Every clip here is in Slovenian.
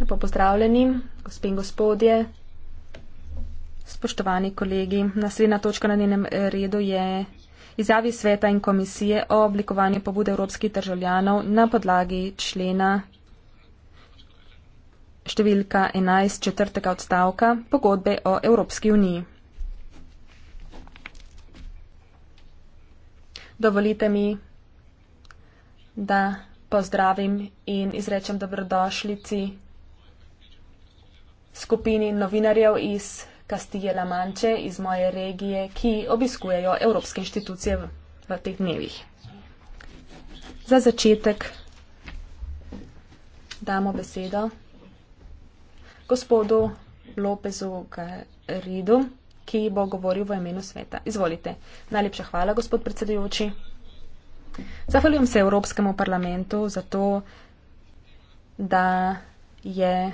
Lepo pozdravljeni, gospe in gospodje, spoštovani kolegi. Naslednja točka na njenem eh, redu je izjavi sveta in komisije o oblikovanju pobude evropskih državljanov na podlagi člena številka 11 četrtega odstavka pogodbe o Evropski uniji. Dovolite mi, da pozdravim in izrečem dobrodošlici skupini novinarjev iz Kastije-La Manče, iz moje regije, ki obiskujejo evropske inštitucije v, v teh dnevih. Za začetek damo besedo gospodu Lopezu Garidu, ki bo govoril v imenu sveta. Izvolite. Najlepša hvala, gospod predsedujoči. Zahvaljujem se Evropskemu parlamentu za to, da je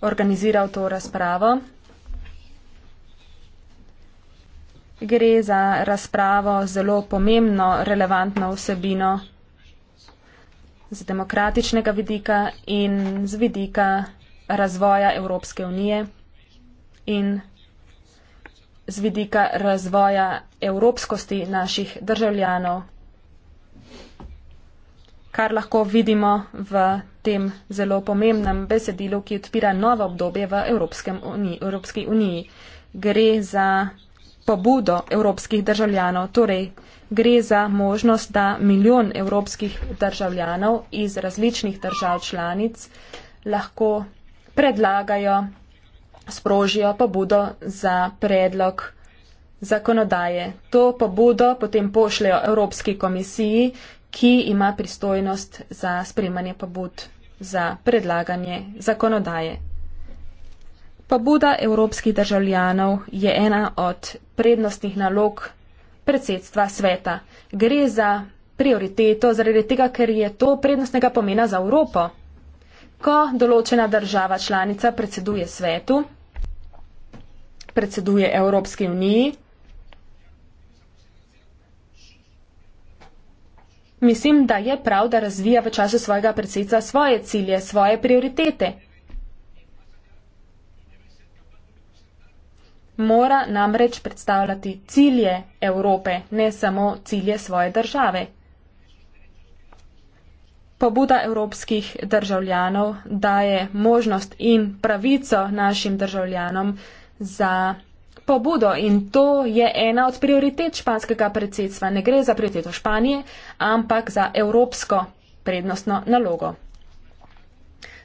organiziral to razpravo. Gre za razpravo zelo pomembno, relevantno vsebino z demokratičnega vidika in z vidika razvoja Evropske unije in z vidika razvoja evropskosti naših državljanov, kar lahko vidimo v tem zelo pomembnem besedilu, ki odpira novo obdobje v uniji, Evropski uniji. Gre za pobudo evropskih državljanov, torej gre za možnost, da milijon evropskih državljanov iz različnih držav članic lahko predlagajo sprožijo pobudo za predlog zakonodaje. To pobudo potem pošljajo Evropski komisiji, ki ima pristojnost za spremanje pobud za predlaganje zakonodaje. Pobuda evropskih državljanov je ena od prednostnih nalog predsedstva sveta. Gre za prioriteto zaradi tega, ker je to prednostnega pomena za Evropo. Ko določena država članica predseduje svetu, predseduje Evropski uniji. Mislim, da je prav, da razvija v času svojega predsedstva svoje cilje, svoje prioritete. Mora namreč predstavljati cilje Evrope, ne samo cilje svoje države. Pobuda evropskih državljanov daje možnost in pravico našim državljanom, za pobudo in to je ena od prioritet španskega predsedstva. Ne gre za prioriteto Španije, ampak za evropsko prednostno nalogo.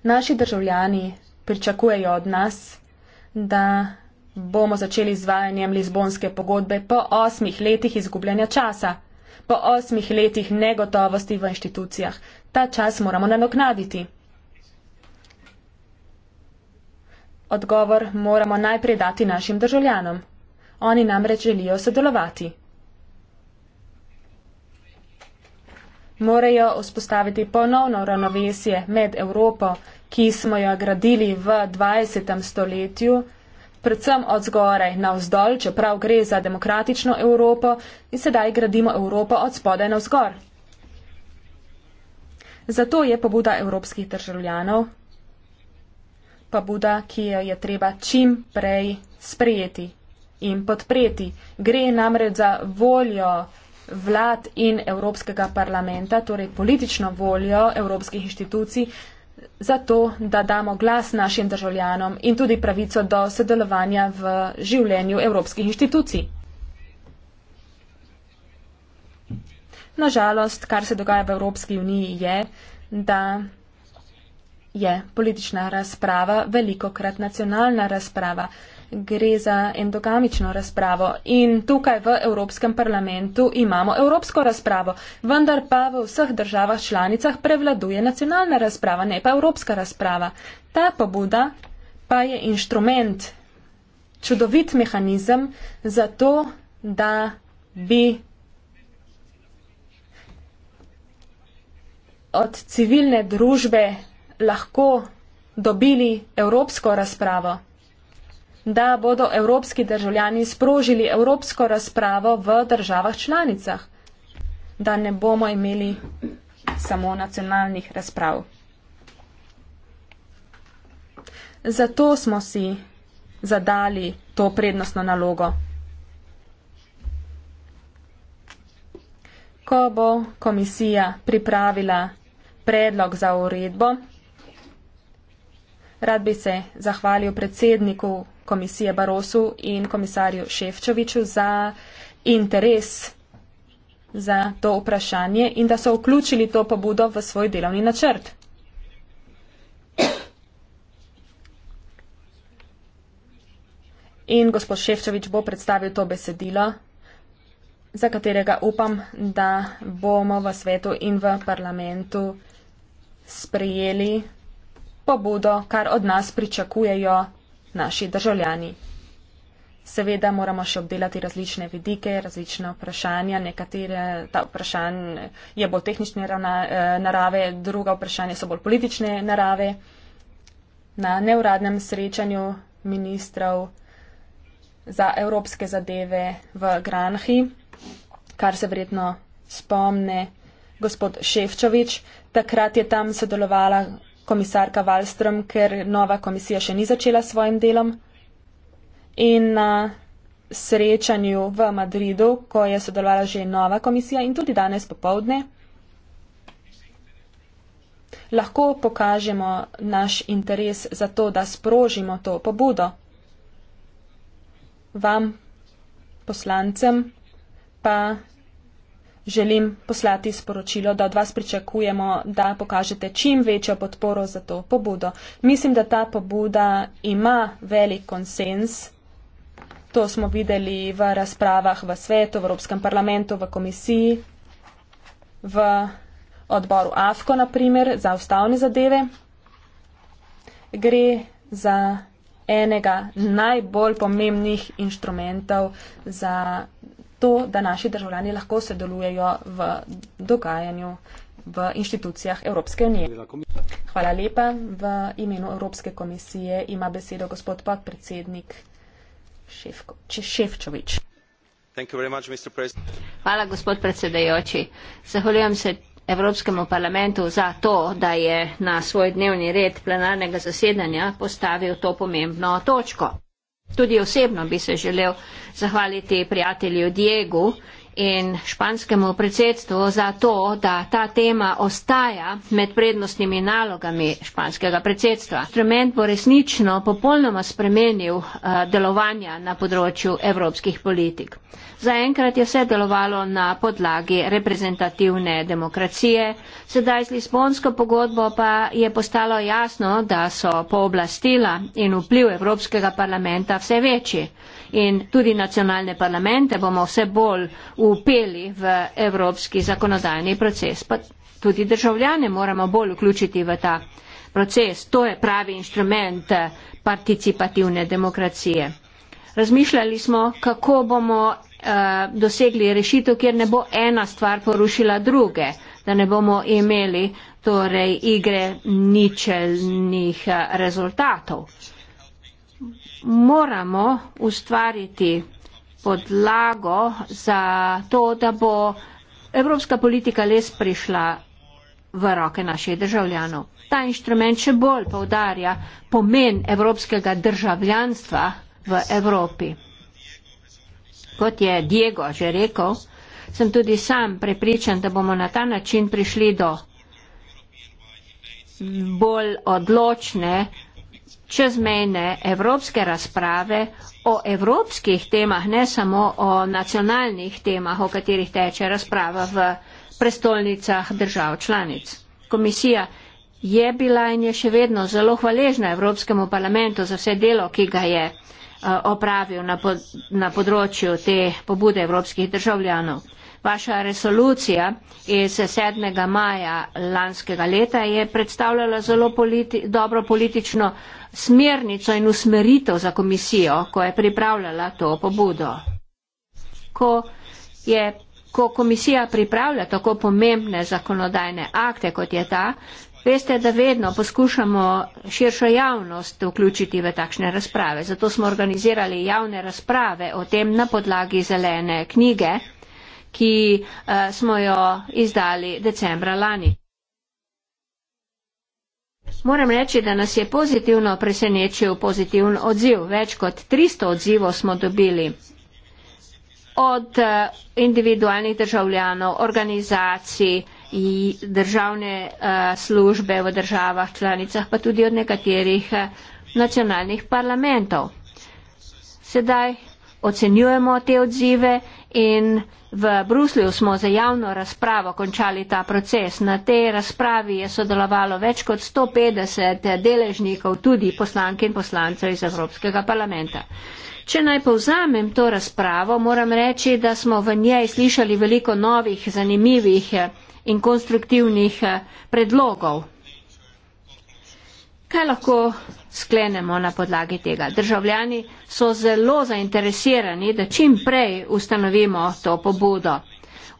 Naši državljani pričakujejo od nas, da bomo začeli z vajanjem Lizbonske pogodbe po osmih letih izgubljanja časa, po osmih letih negotovosti v inštitucijah. Ta čas moramo nadoknaditi. Odgovor moramo najprej dati našim državljanom. Oni namreč želijo sodelovati. Morajo vzpostaviti ponovno ravnovesje med Evropo, ki smo jo gradili v 20. stoletju, predvsem od zgoraj na vzdolj, čeprav gre za demokratično Evropo in sedaj gradimo Evropo od spodaj na vzgor. Zato je pobuda evropskih državljanov, pobuda, ki jo je treba čim prej sprejeti in podpreti. Gre namreč za voljo vlad in Evropskega parlamenta, torej politično voljo Evropskih inštitucij, zato, da damo glas našim državljanom in tudi pravico do sodelovanja v življenju Evropskih inštitucij. Nažalost, kar se dogaja v Evropski uniji je, da je politična razprava, velikokrat nacionalna razprava. Gre za endogamično razpravo in tukaj v Evropskem parlamentu imamo evropsko razpravo, vendar pa v vseh državah članicah prevladuje nacionalna razprava, ne pa evropska razprava. Ta pobuda pa je inštrument, čudovit mehanizem za to, da bi od civilne družbe lahko dobili evropsko razpravo, da bodo evropski državljani sprožili evropsko razpravo v državah članicah, da ne bomo imeli samo nacionalnih razprav. Zato smo si zadali to prednostno nalogo. Ko bo komisija pripravila predlog za uredbo, Rad bi se zahvalil predsedniku komisije Barosu in komisarju Ševčoviču za interes za to vprašanje in da so vključili to pobudo v svoj delovni načrt. In gospod Ševčovič bo predstavil to besedilo, za katerega upam, da bomo v svetu in v parlamentu sprejeli pa bodo, kar od nas pričakujejo naši državljani. Seveda moramo še obdelati različne vidike, različne vprašanja, nekatere ta vprašanja je bolj tehnične ravna, eh, narave, druga vprašanja so bolj politične narave. Na neuradnem srečanju ministrov za evropske zadeve v Granhi, kar se verjetno spomne gospod Ševčovič, takrat je tam sodelovala komisarka Wallström, ker nova komisija še ni začela s svojim delom. In na srečanju v Madridu, ko je sodelovala že nova komisija in tudi danes popovdne, lahko pokažemo naš interes za to, da sprožimo to pobudo. Vam, poslancem, pa želim poslati sporočilo, da od vas pričakujemo, da pokažete čim večjo podporo za to pobudo. Mislim, da ta pobuda ima velik konsens. To smo videli v razpravah v svetu, v Evropskem parlamentu, v komisiji, v odboru AFKO, naprimer, za ustavne zadeve. Gre za enega najbolj pomembnih inštrumentov za to, da naši državljani lahko sodelujejo v dogajanju v inštitucijah Evropske unije. Hvala lepa. V imenu Evropske komisije ima besedo gospod podpredsednik Ševčovič. Hvala, gospod predsedajoči. Zahvaljujem se Evropskemu parlamentu za to, da je na svoj dnevni red plenarnega zasedanja postavil to pomembno točko. Tudi osebno bi se želel zahvaliti prijatelju Diegu, in španskemu predsedstvu za to, da ta tema ostaja med prednostnimi nalogami španskega predsedstva. Instrument bo resnično popolnoma spremenil eh, delovanja na področju evropskih politik. Zaenkrat je vse delovalo na podlagi reprezentativne demokracije, sedaj z Lisbonsko pogodbo pa je postalo jasno, da so pooblastila in vpliv Evropskega parlamenta vse večji in tudi nacionalne parlamente bomo vse bolj upeli v evropski zakonodajni proces. Pa tudi državljane moramo bolj vključiti v ta proces. To je pravi inštrument participativne demokracije. Razmišljali smo, kako bomo uh, dosegli rešitev, kjer ne bo ena stvar porušila druge, da ne bomo imeli torej igre ničelnih eh, rezultatov. Moramo ustvariti podlago za to, da bo evropska politika les prišla v roke naših državljanov. Ta inštrument še bolj povdarja pomen evropskega državljanstva v Evropi. Kot je Diego že rekel, sem tudi sam prepričan, da bomo na ta način prišli do bolj odločne čezmejne evropske razprave o evropskih temah, ne samo o nacionalnih temah, o katerih teče razprava v prestolnicah držav članic. Komisija je bila in je še vedno zelo hvaležna Evropskemu parlamentu za vse delo, ki ga je eh, opravil na, pod, na področju te pobude evropskih državljanov. Vaša resolucija iz 7. maja lanskega leta je predstavljala zelo politi dobro politično smernico in usmeritev za komisijo, ko je pripravljala to pobudo. Ko, je, ko komisija pripravlja tako pomembne zakonodajne akte, kot je ta, veste, da vedno poskušamo širšo javnost vključiti v takšne razprave. Zato smo organizirali javne razprave o tem na podlagi zelene knjige ki eh, smo jo izdali decembra lani. Moram reči, da nas je pozitivno presenečil pozitivn odziv. Več kot 300 odzivov smo dobili od eh, individualnih državljanov, organizacij, državne eh, službe v državah članicah, pa tudi od nekaterih nacionalnih parlamentov. Sedaj ocenjujemo te odzive in v Bruslju smo za javno razpravo končali ta proces. Na tej razpravi je sodelovalo več kot 150 deležnikov, tudi poslank in poslancev iz Evropskega parlamenta. Če naj povzamem to razpravo, moram reči, da smo v njej slišali veliko novih, zanimivih in konstruktivnih eh, predlogov. Kaj lahko sklenemo na podlagi tega. Državljani so zelo zainteresirani, da čim prej ustanovimo to pobudo.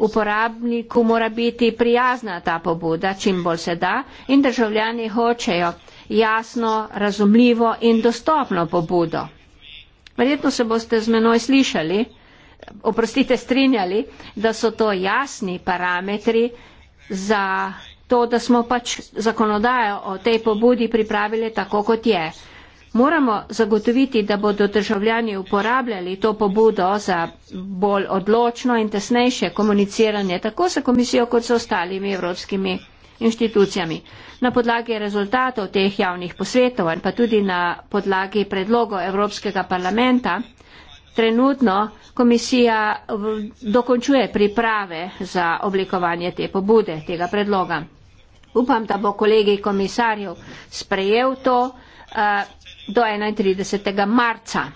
Uporabniku mora biti prijazna ta pobuda, čim bolj se da, in državljani hočejo jasno, razumljivo in dostopno pobudo. Verjetno se boste z menoj slišali, oprostite, strinjali, da so to jasni parametri za to, da smo pač zakonodajo o tej pobudi pripravili tako, kot je. Moramo zagotoviti, da bodo državljani uporabljali to pobudo za bolj odločno in tesnejše komuniciranje tako sa komisijo kot s ostalimi evropskimi inštitucijami. Na podlagi rezultatov teh javnih posvetov in pa tudi na podlagi predlogov Evropskega parlamenta, trenutno komisija dokončuje priprave za oblikovanje te pobude, tega predloga. Upam, da bo kolegi komisarjev sprejel to uh, do 31. marca.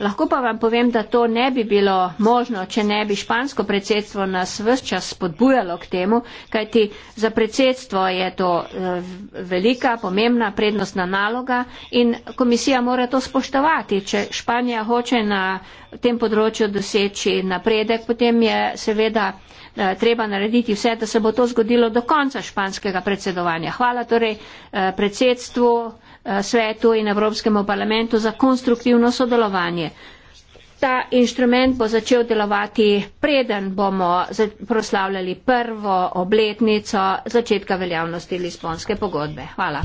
Lahko pa vam povem, da to ne bi bilo možno, če ne bi špansko predsedstvo nas vse čas spodbujalo k temu, kajti za predsedstvo je to eh, velika, pomembna, prednostna naloga in komisija mora to spoštovati. Če Španija hoče na tem področju doseči napredek, potem je seveda. Uh, Eh, treba narediti vse, da se bo to zgodilo do konca španskega predsedovanja. Hvala torej eh, predsedstvu, eh, svetu in Evropskemu parlamentu za konstruktivno sodelovanje. Ta inštrument bo začel delovati, preden bomo proslavljali prvo obletnico začetka veljavnosti Lisbonske pogodbe. Hvala.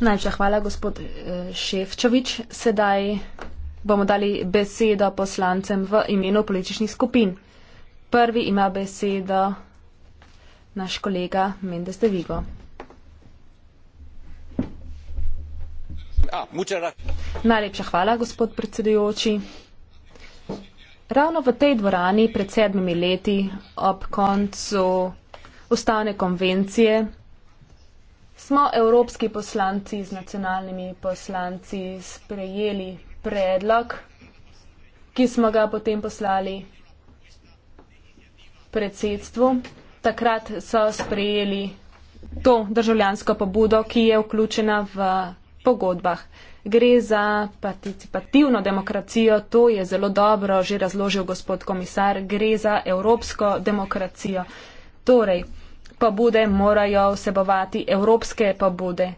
Najlepša hvala, gospod Ševčovič. Sedaj bomo dali besedo poslancem v imenu političnih skupin. Prvi ima besedo naš kolega Mendes de Vigo. Najlepša hvala, gospod predsedujoči. Ravno v tej dvorani pred sedmimi leti ob koncu ustavne konvencije smo evropski poslanci z nacionalnimi poslanci sprejeli predlog, ki smo ga potem poslali predsedstvu. Takrat so sprejeli to državljansko pobudo, ki je vključena v pogodbah. Gre za participativno demokracijo, to je zelo dobro že razložil gospod komisar, gre za evropsko demokracijo. Torej, pobude morajo vsebovati evropske pobude.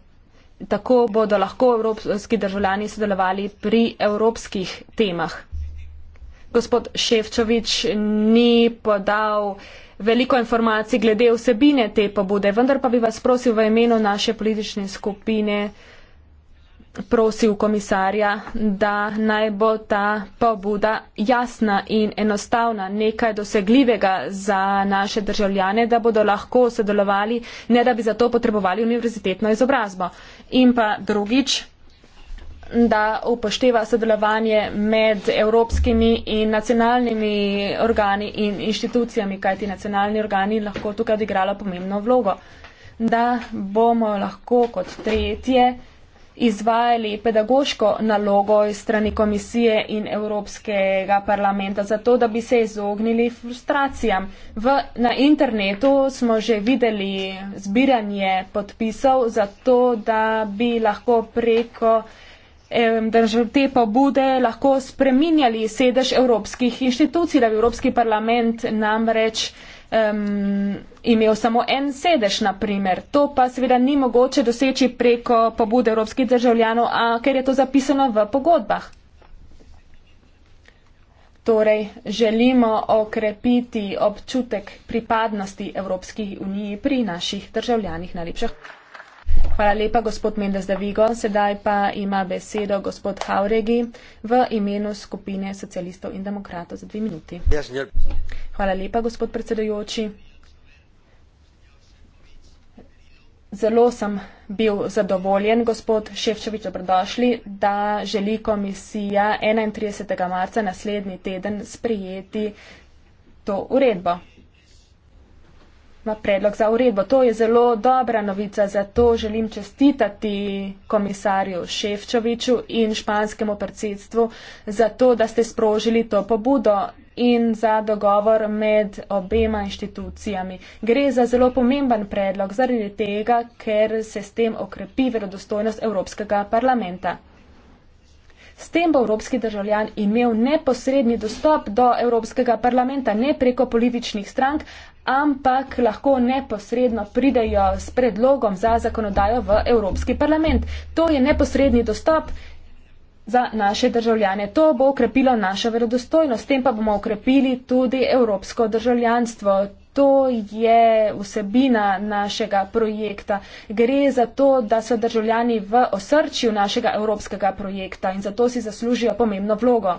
Tako bodo lahko evropski državljani sodelovali pri evropskih temah gospod Ševčovič ni podal veliko informacij glede vsebine te pobude, vendar pa bi vas prosil v imenu naše politične skupine, prosil komisarja, da naj bo ta pobuda jasna in enostavna, nekaj dosegljivega za naše državljane, da bodo lahko sodelovali, ne da bi za to potrebovali univerzitetno izobrazbo. In pa drugič, da upošteva sodelovanje med evropskimi in nacionalnimi organi in inštitucijami, kajti nacionalni organi lahko tukaj odigrala pomembno vlogo. Da bomo lahko kot tretje izvajali pedagoško nalogo strani komisije in Evropskega parlamenta, zato da bi se izognili frustracijam. V, na internetu smo že videli zbiranje podpisov, zato da bi lahko preko držav te pobude lahko spreminjali sedež evropskih inštitucij, da bi Evropski parlament namreč um, imel samo en sedež, naprimer. To pa seveda ni mogoče doseči preko pobude evropskih državljanov, a ker je to zapisano v pogodbah. Torej, želimo okrepiti občutek pripadnosti Evropski uniji pri naših državljanih najlepših. Hvala lepa, gospod Mendes Davigo. Sedaj pa ima besedo gospod Hauregi v imenu skupine socialistov in demokratov za dve minuti. Ja, Hvala lepa, gospod predsedujoči. Zelo sem bil zadovoljen, gospod Ševčevič, dobrodošli, da želi komisija 31. marca naslednji teden sprijeti to uredbo v predlog za uredbo. To je zelo dobra novica, zato želim čestitati komisarju Ševčoviču in španskemu predsedstvu za to, da ste sprožili to pobudo in za dogovor med obema inštitucijami. Gre za zelo pomemben predlog zaradi tega, ker se s tem okrepi verodostojnost Evropskega parlamenta. S tem bo evropski državljan imel neposredni dostop do Evropskega parlamenta, ne preko političnih strank, ampak lahko neposredno pridejo s predlogom za zakonodajo v Evropski parlament. To je neposredni dostop za naše državljane. To bo ukrepilo našo verodostojnost, s tem pa bomo ukrepili tudi evropsko državljanstvo to je vsebina našega projekta. Gre za to, da so državljani v osrčju našega evropskega projekta in zato si zaslužijo pomembno vlogo.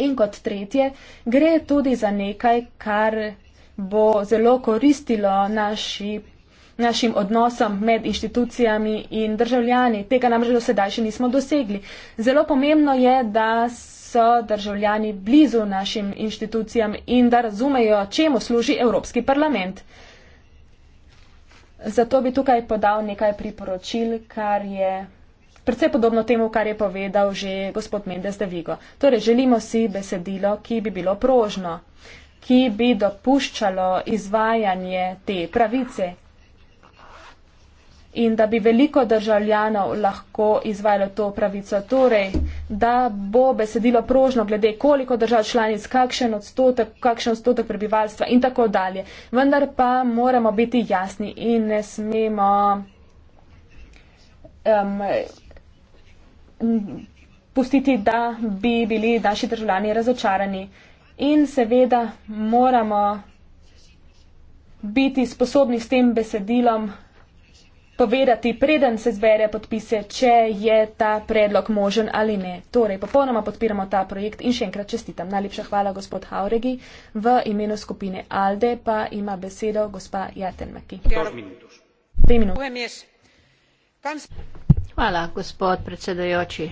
In kot tretje, gre tudi za nekaj, kar bo zelo koristilo naši, našim odnosom med inštitucijami in državljani. Tega namreč do sedaj še nismo dosegli. Zelo pomembno je, da se so državljani blizu našim inštitucijam in da razumejo, čemu služi Evropski parlament. Zato bi tukaj podal nekaj priporočil, kar je predvsej podobno temu, kar je povedal že gospod Mendes de Vigo. Torej, želimo si besedilo, ki bi bilo prožno, ki bi dopuščalo izvajanje te pravice, in da bi veliko državljanov lahko izvajalo to pravico. Torej, da bo besedilo prožno glede koliko držav članic, kakšen odstotek, kakšen odstotek prebivalstva in tako dalje. Vendar pa moramo biti jasni in ne smemo. Um, pustiti, da bi bili naši državljani razočarani. In seveda moramo biti sposobni s tem besedilom povedati, preden se zbere podpise, če je ta predlog možen ali ne. Torej, popolnoma podpiramo ta projekt in še enkrat čestitam. Najlepša hvala, gospod Hauregi. V imenu skupine Alde pa ima besedo gospa Jatenmaki. Hvala, gospod predsedajoči.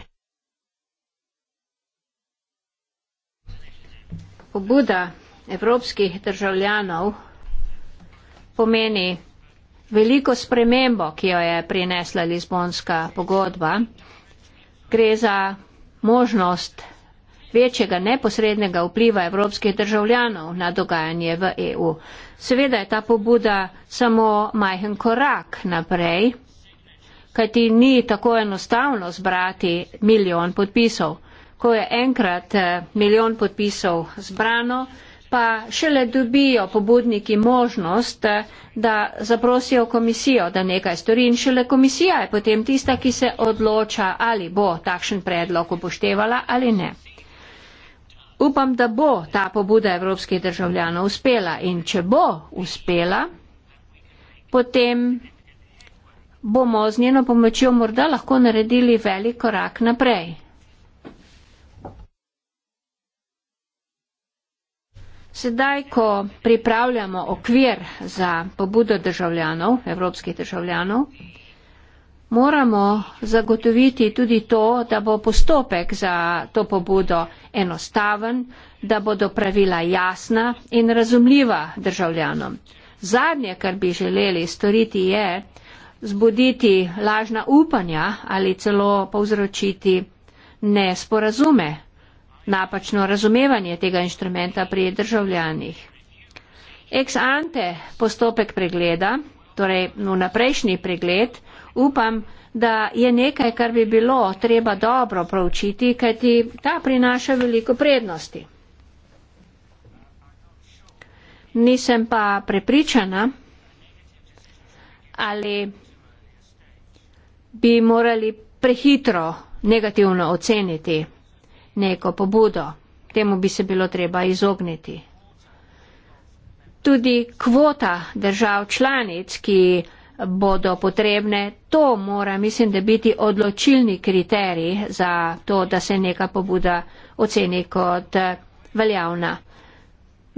Pobuda evropskih državljanov pomeni veliko spremembo, ki jo je prinesla Lizbonska pogodba. Gre za možnost večjega neposrednega vpliva evropskih državljanov na dogajanje v EU. Seveda je ta pobuda samo majhen korak naprej, kajti ni tako enostavno zbrati milijon podpisov. Ko je enkrat eh, milijon podpisov zbrano, pa šele dobijo pobudniki možnost, da zaprosijo komisijo, da nekaj stori in šele komisija je potem tista, ki se odloča, ali bo takšen predlog upoštevala ali ne. Upam, da bo ta pobuda evropskih državljanov uspela in če bo uspela, potem bomo z njeno pomočjo morda lahko naredili velik korak naprej. Sedaj, ko pripravljamo okvir za pobudo državljanov, evropskih državljanov, moramo zagotoviti tudi to, da bo postopek za to pobudo enostaven, da bodo pravila jasna in razumljiva državljanom. Zadnje, kar bi želeli storiti, je zbuditi lažna upanja ali celo povzročiti nesporazume napačno razumevanje tega inštrumenta pri državljanih. Ex ante postopek pregleda, torej vnaprejšnji pregled, upam, da je nekaj, kar bi bilo treba dobro proučiti, kajti ta prinaša veliko prednosti. Nisem pa prepričana, ali bi morali prehitro negativno oceniti neko pobudo. Temu bi se bilo treba izogniti. Tudi kvota držav članic, ki bodo potrebne, to mora, mislim, da biti odločilni kriterij za to, da se neka pobuda oceni kot eh, veljavna.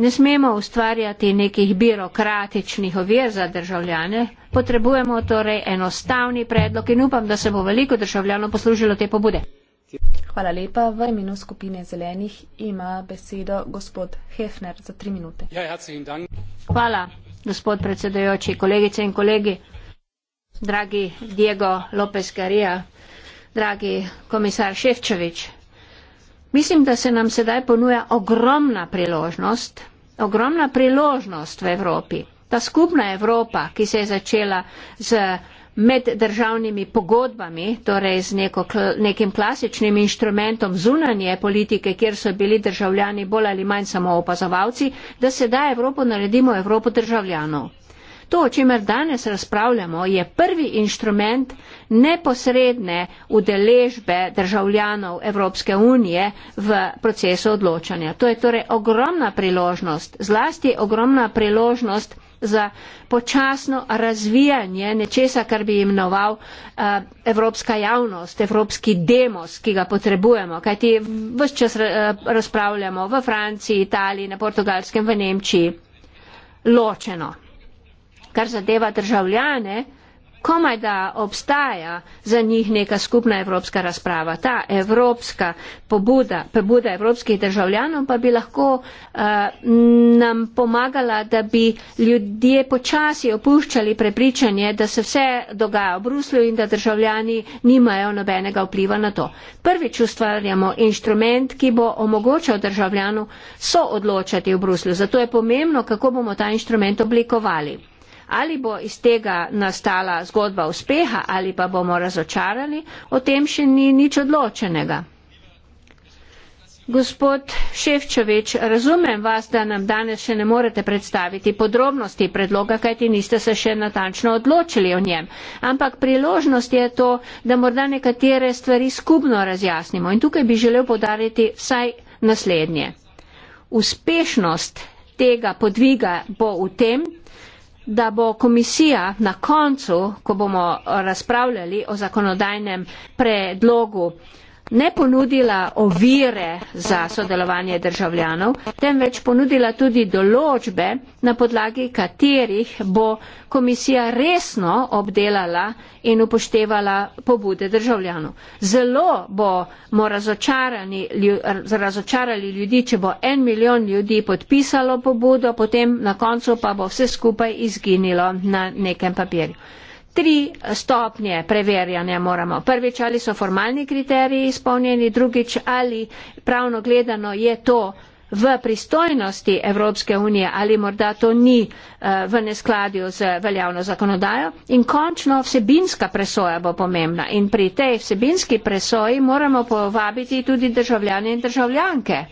Ne smemo ustvarjati nekih birokratičnih ovir za državljane, potrebujemo torej enostavni predlog in upam, da se bo veliko državljanov poslužilo te pobude. Hvala lepa. V imenu skupine zelenih ima besedo gospod Hefner za tri minute. Ja, Hvala, gospod predsedujoči, kolegice in kolegi, dragi Diego López Garija, dragi komisar Ševčevič. Mislim, da se nam sedaj ponuja ogromna priložnost, ogromna priložnost v Evropi. Ta skupna Evropa, ki se je začela z med državnimi pogodbami, torej z neko, nekim klasičnim inštrumentom zunanje politike, kjer so bili državljani bolj ali manj samo opazovalci, da se da Evropo naredimo Evropo državljanov. To, o čemer danes razpravljamo, je prvi inštrument neposredne udeležbe državljanov Evropske unije v procesu odločanja. To je torej ogromna priložnost, zlasti ogromna priložnost, za počasno razvijanje nečesa, kar bi imenoval uh, evropska javnost, evropski demos, ki ga potrebujemo. Kajti vse čas uh, razpravljamo v Franciji, Italiji, na portugalskem, v Nemčiji. Ločeno. Kar zadeva državljane, komaj da obstaja za njih neka skupna evropska razprava. Ta evropska pobuda, pobuda evropskih državljanov pa bi lahko uh, nam pomagala, da bi ljudje počasi opuščali prepričanje, da se vse dogaja v Bruslju in da državljani nimajo nobenega vpliva na to. Prvič ustvarjamo inštrument, ki bo omogočal državljanu so odločati v Bruslju. Zato je pomembno, kako bomo ta inštrument oblikovali ali bo iz tega nastala zgodba uspeha ali pa bomo razočarani, o tem še ni nič odločenega. Gospod Ševčevič, razumem vas, da nam danes še ne morete predstaviti podrobnosti predloga, kajti niste se še natančno odločili o njem. Ampak priložnost je to, da morda nekatere stvari skupno razjasnimo. In tukaj bi želel podariti vsaj naslednje. Uspešnost tega podviga bo v tem, da bo komisija na koncu, ko bomo razpravljali o zakonodajnem predlogu, ne ponudila ovire za sodelovanje državljanov, temveč ponudila tudi določbe, na podlagi katerih bo komisija resno obdelala in upoštevala pobude državljanov. Zelo bomo razočarali ljudi, če bo en milijon ljudi podpisalo pobudo, potem na koncu pa bo vse skupaj izginilo na nekem papirju. Tri stopnje preverjanja moramo. Prvič, ali so formalni kriteriji izpolnjeni, drugič, ali pravno gledano je to v pristojnosti Evropske unije ali morda to ni eh, v neskladju z veljavno zakonodajo. In končno vsebinska presoja bo pomembna. In pri tej vsebinski presoji moramo povabiti tudi državljane in državljanke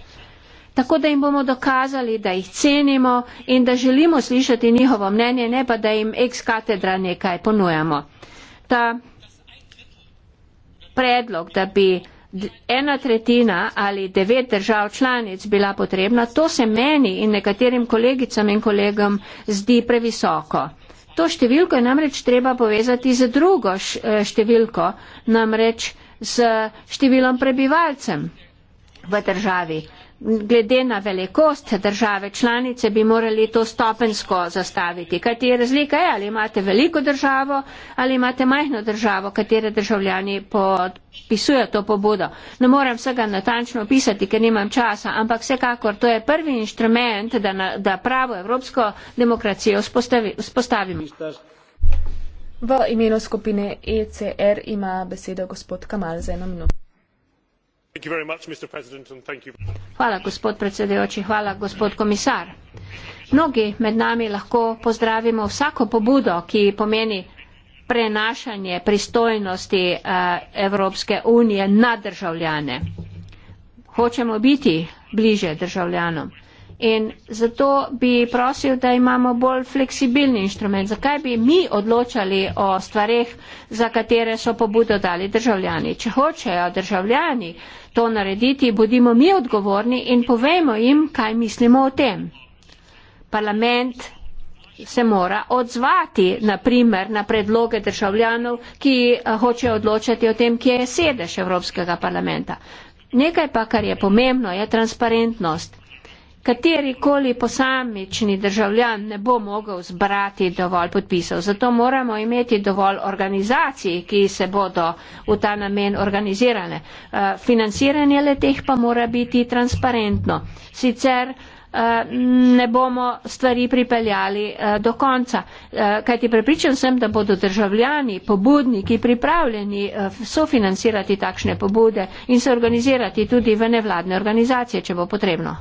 tako da jim bomo dokazali, da jih cenimo in da želimo slišati njihovo mnenje, ne pa da jim ex katedra nekaj ponujamo. Ta predlog, da bi ena tretjina ali devet držav članic bila potrebna, to se meni in nekaterim kolegicam in kolegom zdi previsoko. To številko je namreč treba povezati z drugo eh, številko, namreč s številom prebivalcem v državi glede na velikost države članice bi morali to stopensko zastaviti. Kajti razlika je, ali imate veliko državo ali imate majhno državo, katere državljani podpisujo to pobudo. Ne morem vsega natančno opisati, ker nimam časa, ampak vsekakor to je prvi inštrument, da, na, da pravo evropsko demokracijo vzpostavimo. V imenu skupine ECR ima besedo gospod Kamal za eno minuto hvala gospod komisar. Mnogi med nami lahko pozdravimo vsako pobudo, ki pomeni prenašanje pristojnosti eh, Evropske unije na državljane. Hočemo biti bliže državljanom. In zato bi prosil, da imamo bolj fleksibilni inštrument. Zakaj bi mi odločali o stvarih, za katere so pobudo dali državljani? Če hočejo državljani to narediti, bodimo mi odgovorni in povejmo jim, kaj mislimo o tem. Parlament se mora odzvati, naprimer, na predloge državljanov, ki eh, hočejo odločati o tem, kje je sedež Evropskega parlamenta. Nekaj pa, kar je pomembno, je transparentnost kateri koli posamični državljan ne bo mogel zbrati dovolj podpisov. Zato moramo imeti dovolj organizacij, ki se bodo v ta namen organizirane. Eh, financiranje le teh pa mora biti transparentno. Sicer Eh, ne bomo stvari pripeljali eh, do konca. Eh, kajti prepričan sem, da bodo državljani, pobudniki pripravljeni sofinancirati takšne pobude in se organizirati tudi v nevladne organizacije, če bo potrebno.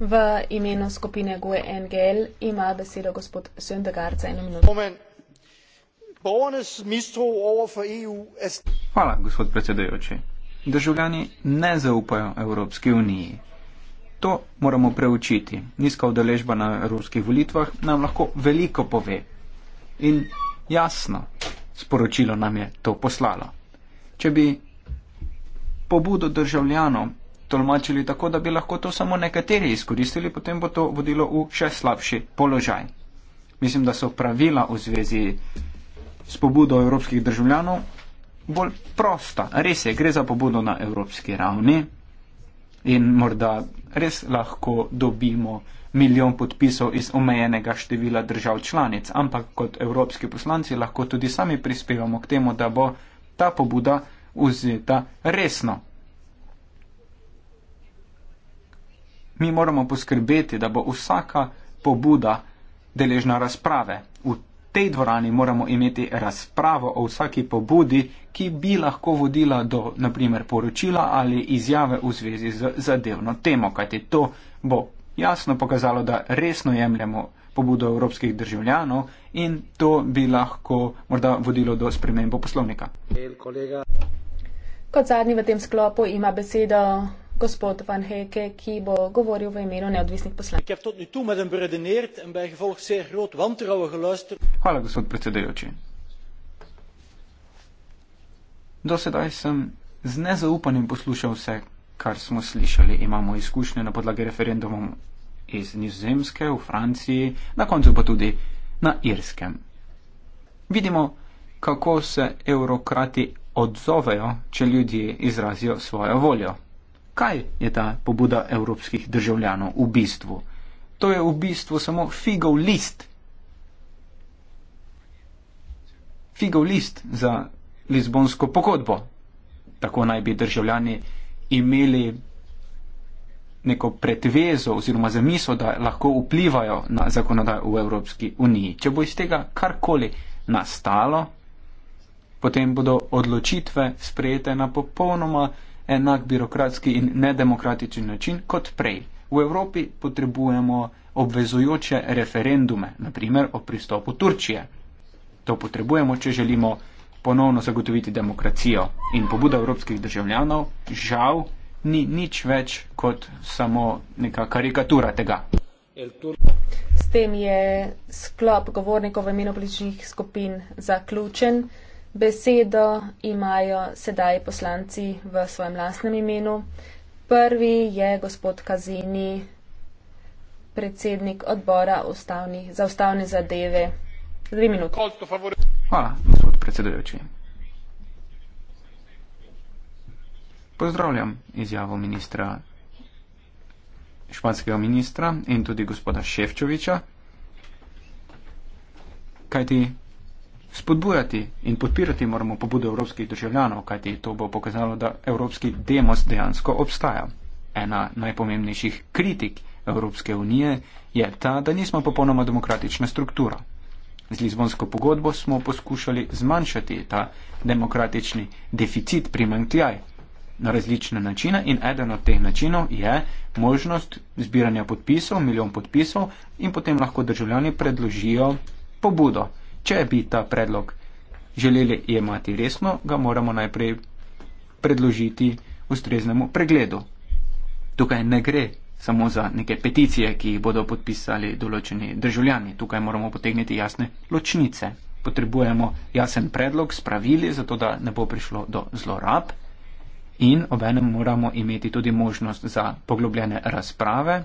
V imenu skupine GUE NGL ima besedo gospod Söndegar za eno minuto. E er- Hvala, gospod predsedujoči. Državljani ne zaupajo Evropski uniji. To moramo preučiti. Nizka udeležba na ruskih volitvah nam lahko veliko pove. In jasno sporočilo nam je to poslalo. Če bi pobudo državljanov tolmačili tako, da bi lahko to samo nekateri izkoristili, potem bo to vodilo v še slabši položaj. Mislim, da so pravila v zvezi s pobudo evropskih državljanov bolj prosta. Res je, gre za pobudo na evropski ravni, in morda res lahko dobimo milijon podpisov iz omejenega števila držav članic, ampak kot evropski poslanci lahko tudi sami prispevamo k temu, da bo ta pobuda vzeta resno. Mi moramo poskrbeti, da bo vsaka pobuda deležna razprave v tej dvorani moramo imeti razpravo o vsaki pobudi, ki bi lahko vodila do naprimer poročila ali izjave v zvezi z zadevno temo, kajti to bo jasno pokazalo, da resno jemljemo pobudo evropskih državljanov in to bi lahko morda vodilo do spremembo poslovnika. Kot zadnji v tem sklopu ima besedo gospod Van Heke, ki bo govoril v imenu neodvisnih poslancev. Ik heb tot nu toe met hem beredeneerd en bij gevolg zeer groot wantrouwen geluisterd. Hvala, gospod predsedujoči. Do sedaj sem z nezaupanjem poslušal vse, kar smo slišali. Imamo izkušnje na podlagi referendumov iz Nizozemske, v Franciji, na koncu pa tudi na Irskem. Vidimo, kako se evrokrati odzovejo, če ljudje izrazijo svojo voljo kaj je ta pobuda evropskih državljanov v bistvu. To je v bistvu samo figov list. Figov list za Lizbonsko pogodbo. Tako naj bi državljani imeli neko predvezo oziroma zamisel, da lahko vplivajo na zakonodajo v Evropski uniji. Če bo iz tega karkoli nastalo, potem bodo odločitve sprejete na popolnoma enak birokratski in nedemokratični način kot prej. V Evropi potrebujemo obvezujoče referendume, naprimer o pristopu Turčije. To potrebujemo, če želimo ponovno zagotoviti demokracijo in pobuda evropskih državljanov žal ni nič več kot samo neka karikatura tega. S tem je sklop govornikov v imenu političnih skupin zaključen besedo imajo sedaj poslanci v svojem lastnem imenu. Prvi je gospod Kazini, predsednik odbora ustavni, za ustavne zadeve. Dve minuti. Hvala, gospod predsedujoči. Pozdravljam izjavo ministra, španskega ministra in tudi gospoda Ševčoviča. Kajti spodbujati in podpirati moramo pobudo evropskih državljanov, kajti to bo pokazalo, da evropski demos dejansko obstaja. Ena najpomembnejših kritik Evropske unije je ta, da nismo popolnoma demokratična struktura. Z Lizbonsko pogodbo smo poskušali zmanjšati ta demokratični deficit primankljaj na različne načine in eden od teh načinov je možnost zbiranja podpisov, milijon podpisov in potem lahko državljani predložijo pobudo Če bi ta predlog želeli jemati resno, ga moramo najprej predložiti ustreznemu pregledu. Tukaj ne gre samo za neke peticije, ki jih bodo podpisali določeni državljani. Tukaj moramo potegniti jasne ločnice. Potrebujemo jasen predlog s pravili, zato da ne bo prišlo do zlorab. In obenem moramo imeti tudi možnost za poglobljene razprave,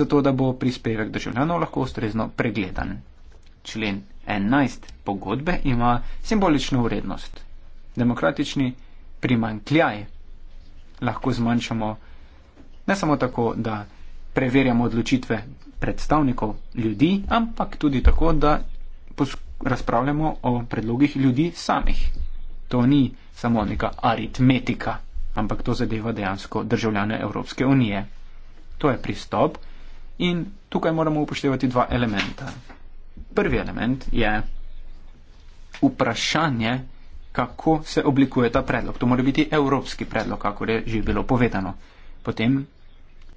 zato da bo prispevek državljanov lahko ustrezno pregledan člen 11 pogodbe ima simbolično vrednost. Demokratični primankljaj lahko zmanjšamo ne samo tako, da preverjamo odločitve predstavnikov ljudi, ampak tudi tako, da razpravljamo o predlogih ljudi samih. To ni samo neka aritmetika, ampak to zadeva dejansko državljane Evropske unije. To je pristop in tukaj moramo upoštevati dva elementa prvi element je vprašanje, kako se oblikuje ta predlog. To mora biti evropski predlog, kako je že bilo povedano. Potem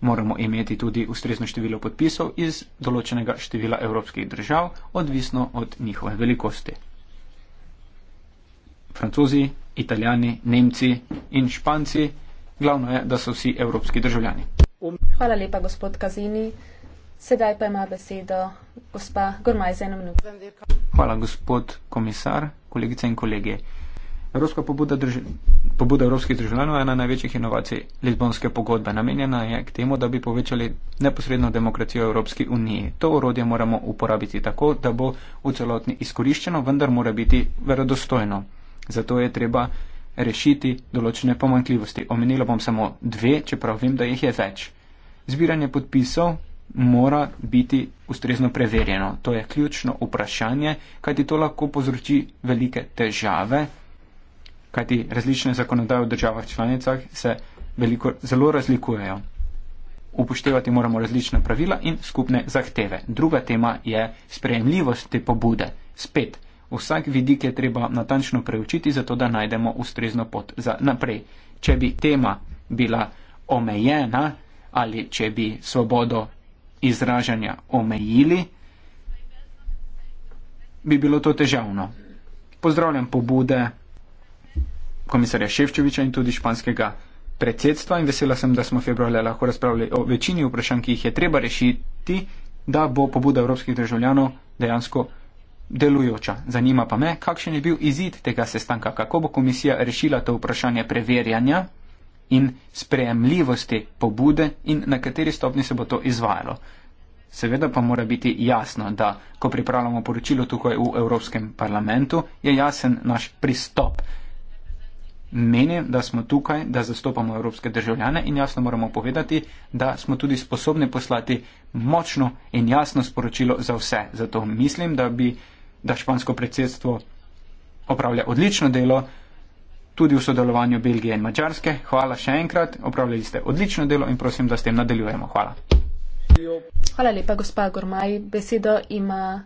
moramo imeti tudi ustrezno število podpisov iz določenega števila evropskih držav, odvisno od njihove velikosti. Francozi, italijani, nemci in španci, glavno je, da so vsi evropski državljani. Hvala lepa, gospod Kazini. Sedaj pa ima besedo gospa Gormaj za eno minuto. Hvala, gospod komisar, kolegice in kolegi. Evropska pobuda, drži, pobuda evropskih državljanov je ena največjih inovacij Lizbonske pogodbe. Namenjena je k temu, da bi povečali neposredno demokracijo v Evropski uniji. To orodje moramo uporabiti tako, da bo v celotni izkoriščeno, vendar mora biti verodostojno. Zato je treba rešiti določene pomankljivosti. Omenila bom samo dve, čeprav vem, da jih je več. Zbiranje podpisov mora biti ustrezno preverjeno. To je ključno vprašanje, kajti to lahko povzroči velike težave, kajti različne zakonodaje v državah članicah se veliko, zelo razlikujejo. Upoštevati moramo različna pravila in skupne zahteve. Druga tema je sprejemljivost te pobude. Spet, vsak vidik je treba natančno preučiti, zato da najdemo ustrezno pot za naprej. Če bi tema bila omejena ali če bi svobodo izražanja omejili, bi bilo to težavno. Pozdravljam pobude komisarja Ševčoviča in tudi španskega predsedstva in vesela sem, da smo februarja lahko razpravljali o večini vprašanj, ki jih je treba rešiti, da bo pobuda evropskih državljanov dejansko delujoča. Zanima pa me, kakšen je bil izid tega sestanka, kako bo komisija rešila to vprašanje preverjanja in sprejemljivosti pobude in na kateri stopni se bo to izvajalo. Seveda pa mora biti jasno, da ko pripravljamo poročilo tukaj v Evropskem parlamentu, je jasen naš pristop. Menim, da smo tukaj, da zastopamo evropske državljane in jasno moramo povedati, da smo tudi sposobni poslati močno in jasno sporočilo za vse. Zato mislim, da, bi, da špansko predsedstvo opravlja odlično delo, tudi v sodelovanju Belgije in Mačarske. Hvala še enkrat, opravljali ste odlično delo in prosim, da s tem nadaljujemo. Hvala. Hvala lepa, gospa Gormaj. Besedo ima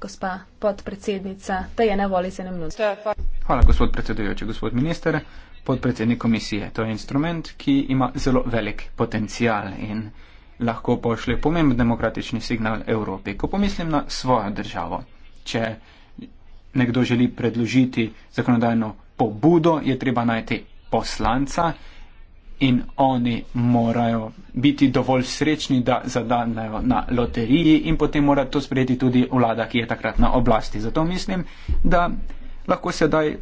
gospa podpredsednica, te je na voli se ne mnogo. Hvala, gospod predsedujoči, gospod minister, podpredsednik komisije. To je instrument, ki ima zelo velik potencial in lahko pošlje pomemben demokratični signal Evropi. Ko pomislim na svojo državo, če nekdo želi predložiti zakonodajno pobudo, je treba najti poslanca in oni morajo biti dovolj srečni, da zadanejo na loteriji in potem mora to sprejeti tudi vlada, ki je takrat na oblasti. Zato mislim, da lahko sedaj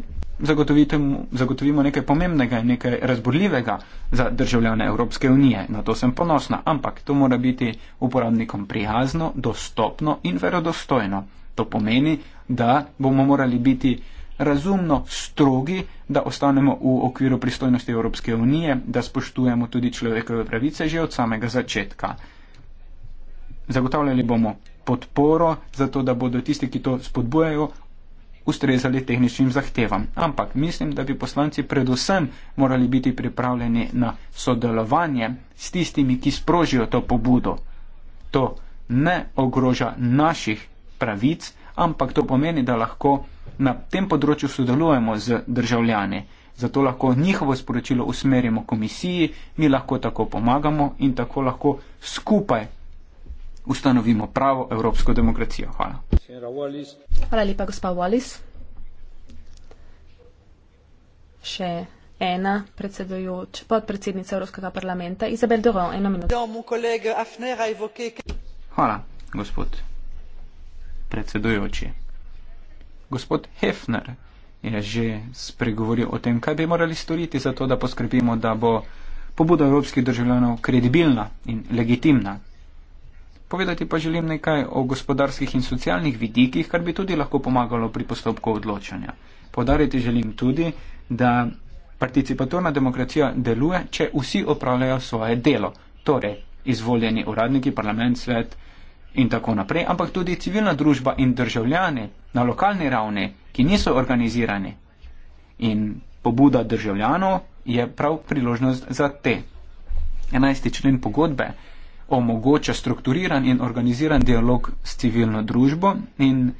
zagotovimo nekaj pomembnega in nekaj razborljivega za državljane Evropske unije. Na to sem ponosna, ampak to mora biti uporabnikom prijazno, dostopno in verodostojno. To pomeni, da bomo morali biti razumno strogi, da ostanemo v okviru pristojnosti Evropske unije, da spoštujemo tudi človekove pravice že od samega začetka. Zagotavljali bomo podporo, zato da bodo tisti, ki to spodbujajo, ustrezali tehničnim zahtevam. Ampak mislim, da bi poslanci predvsem morali biti pripravljeni na sodelovanje s tistimi, ki sprožijo to pobudo. To ne ogroža naših pravic, ampak to pomeni, da lahko Na tem področju sodelujemo z državljani, zato lahko njihovo sporočilo usmerimo komisiji, mi lahko tako pomagamo in tako lahko skupaj ustanovimo pravo evropsko demokracijo. Hvala. Hvala lepa, gospa Wallis. Še ena predsedujoč, podpredsednica Evropskega parlamenta, Izabel Doron, eno minuto. Hvala, gospod predsedujoči gospod Hefner je že spregovoril o tem, kaj bi morali storiti za to, da poskrbimo, da bo pobuda evropskih državljanov kredibilna in legitimna. Povedati pa želim nekaj o gospodarskih in socialnih vidikih, kar bi tudi lahko pomagalo pri postopku odločanja. Podariti želim tudi, da participatorna demokracija deluje, če vsi opravljajo svoje delo, torej izvoljeni uradniki, parlament, svet, in tako naprej, ampak tudi civilna družba in državljani na lokalni ravni, ki niso organizirani. In pobuda državljanov je prav priložnost za te. 11. člen pogodbe omogoča strukturiran in organiziran dialog s civilno družbo in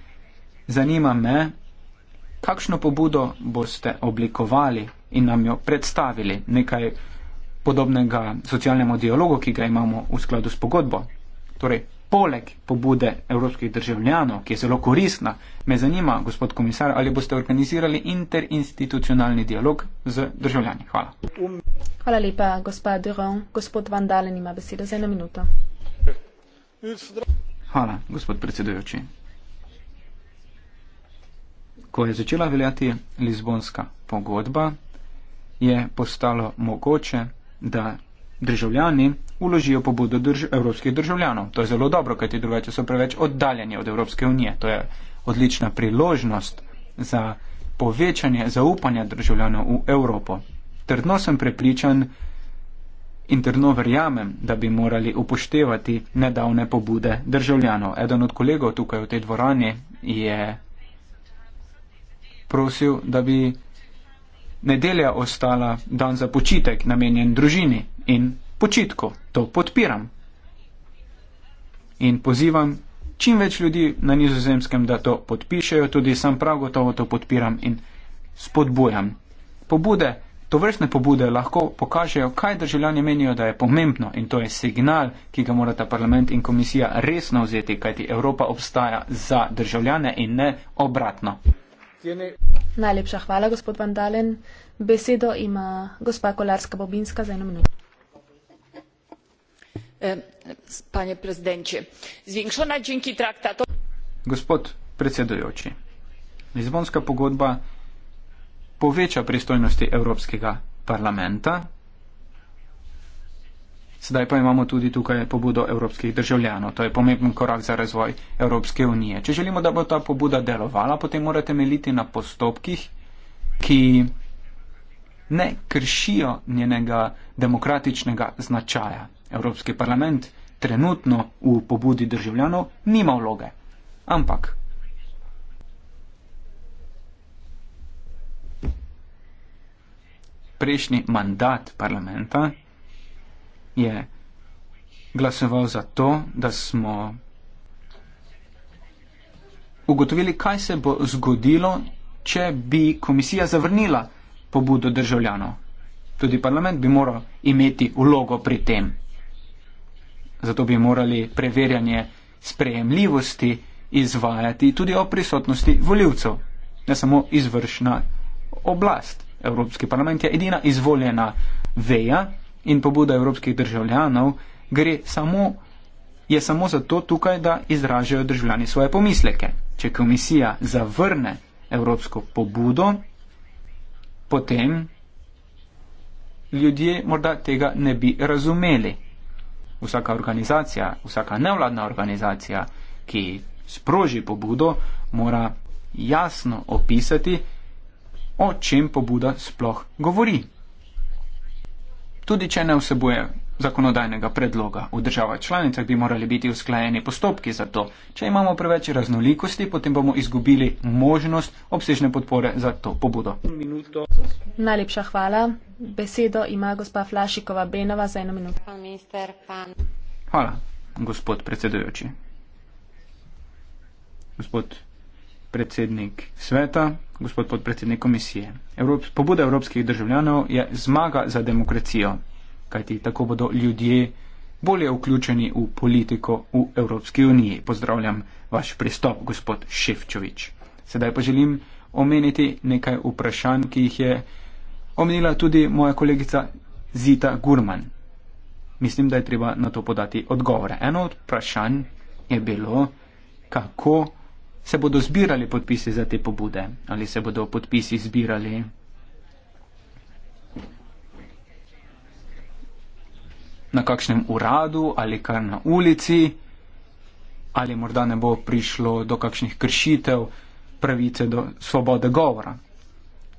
zanima me, kakšno pobudo boste oblikovali in nam jo predstavili nekaj podobnega socialnemu dialogu, ki ga imamo v skladu s pogodbo. Torej, poleg pobude evropskih državljanov, ki je zelo koristna, me zanima, gospod komisar, ali boste organizirali interinstitucionalni dialog z državljani. Hvala. Hvala lepa, gospa Duron. Gospod Van Dalen ima besedo za eno minuto. Hvala, gospod predsedujoči. Ko je začela veljati Lizbonska pogodba, je postalo mogoče, da državljani uložijo pobudo drž evropskih državljanov. To je zelo dobro, kajti drugače so preveč oddaljeni od Evropske unije. To je odlična priložnost za povečanje zaupanja državljanov v Evropo. Trdno sem prepričan in trdno verjamem, da bi morali upoštevati nedavne pobude državljanov. Eden od kolegov tukaj v tej dvorani je prosil, da bi nedelja ostala dan za počitek, namenjen družini in počitku. To podpiram. In pozivam čim več ljudi na nizozemskem, da to podpišejo, tudi sam prav gotovo to podpiram in spodbujam. Pobude, to vrstne pobude lahko pokažejo, kaj državljani menijo, da je pomembno in to je signal, ki ga morata parlament in komisija resno vzeti, kajti Evropa obstaja za državljane in ne obratno. Tjene. Najlepša hvala, gospod Vandalen. Besedo ima gospa Kolarska Bobinska za eno minuto. Gospod predsedujoči, Lizbonska pogodba poveča pristojnosti Evropskega parlamenta Sedaj pa imamo tudi tukaj pobudo evropskih državljanov. To je pomemben korak za razvoj Evropske unije. Če želimo, da bo ta pobuda delovala, potem morate meliti na postopkih, ki ne kršijo njenega demokratičnega značaja. Evropski parlament trenutno v pobudi državljanov nima vloge. Ampak. Prejšnji mandat parlamenta je glasoval za to, da smo ugotovili, kaj se bo zgodilo, če bi komisija zavrnila pobudo državljanov. Tudi parlament bi moral imeti vlogo pri tem. Zato bi morali preverjanje sprejemljivosti izvajati tudi o prisotnosti voljivcev, ne samo izvršna oblast. Evropski parlament je edina izvoljena veja in pobuda evropskih državljanov gre samo, je samo zato tukaj, da izražajo državljani svoje pomisleke. Če komisija zavrne evropsko pobudo, potem ljudje morda tega ne bi razumeli. Vsaka organizacija, vsaka nevladna organizacija, ki sproži pobudo, mora jasno opisati, o čem pobuda sploh govori. Tudi če ne vsebuje zakonodajnega predloga v državah članicah, bi morali biti usklajeni postopki za to. Če imamo preveč raznolikosti, potem bomo izgubili možnost obsežne podpore za to pobudo. Minuto. Najlepša hvala. Besedo ima gospa Flašikova Benova za eno minuto. Hvala, gospod predsedujoči. Gospod predsednik sveta, gospod podpredsednik komisije. Evrop, pobuda evropskih državljanov je zmaga za demokracijo, kajti tako bodo ljudje bolje vključeni v politiko v Evropski uniji. Pozdravljam vaš pristop, gospod Ševčovič. Sedaj pa želim omeniti nekaj vprašanj, ki jih je omenila tudi moja kolegica Zita Gurman. Mislim, da je treba na to podati odgovore. Eno od vprašanj je bilo, kako se bodo zbirali podpisi za te pobude ali se bodo podpisi zbirali. Na kakšnem uradu ali kar na ulici, ali morda ne bo prišlo do kakšnih kršitev pravice do svobode govora.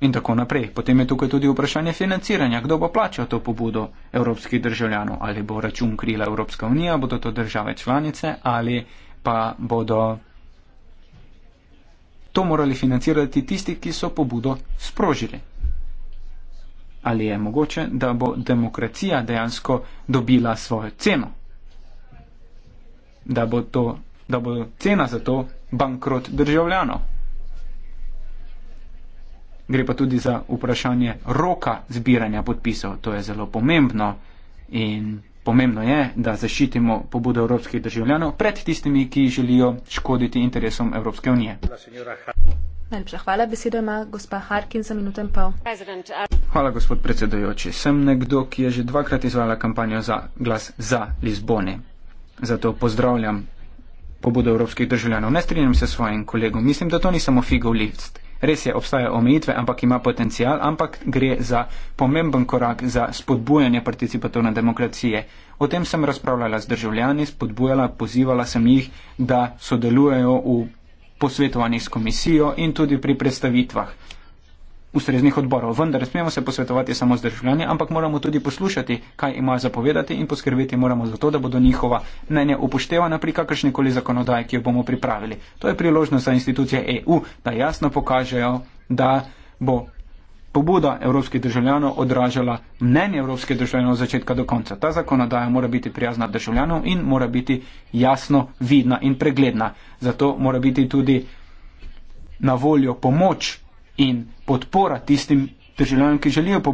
In tako naprej. Potem je tukaj tudi vprašanje financiranja. Kdo bo plačal to pobudo evropskih državljanov? Ali bo račun krila Evropska unija, bodo to države članice ali pa bodo to morali financirati tisti, ki so pobudo sprožili. Ali je mogoče, da bo demokracija dejansko dobila svojo ceno? Da bo, to, da bo cena za to bankrot državljanov? Gre pa tudi za vprašanje roka zbiranja podpisov. To je zelo pomembno in Pomembno je, da zaščitimo pobude evropskih državljanov pred tistimi, ki želijo škoditi interesom Evropske unije. Najlepša hvala, besedo ima gospa Harkin za minuto in pol. Hvala, gospod predsedojoči. Sem nekdo, ki je že dvakrat izvala kampanjo za glas za Lizbone. Zato pozdravljam pobudo evropskih državljanov. Ne strinjam se s svojim kolegom. Mislim, da to ni samo figov list res je, obstajajo omejitve, ampak ima potencial, ampak gre za pomemben korak za spodbujanje participatorne demokracije. O tem sem razpravljala z državljani, spodbujala, pozivala sem jih, da sodelujejo v posvetovanjih s komisijo in tudi pri predstavitvah ustreznih odborov. Vendar ne smemo se posvetovati samo z državljani, ampak moramo tudi poslušati, kaj imajo zapovedati in poskrbeti moramo za to, da bodo njihova mnenja upoštevana pri kakršnekoli zakonodaji, ki jo bomo pripravili. To je priložnost za institucije EU, da jasno pokažejo, da bo pobuda evropskih državljanov odražala mnenje evropskih državljanov od začetka do konca. Ta zakonodaja mora biti prijazna državljanom in mora biti jasno vidna in pregledna. Zato mora biti tudi na voljo pomoč in podpora tistim državljanom, ki želijo po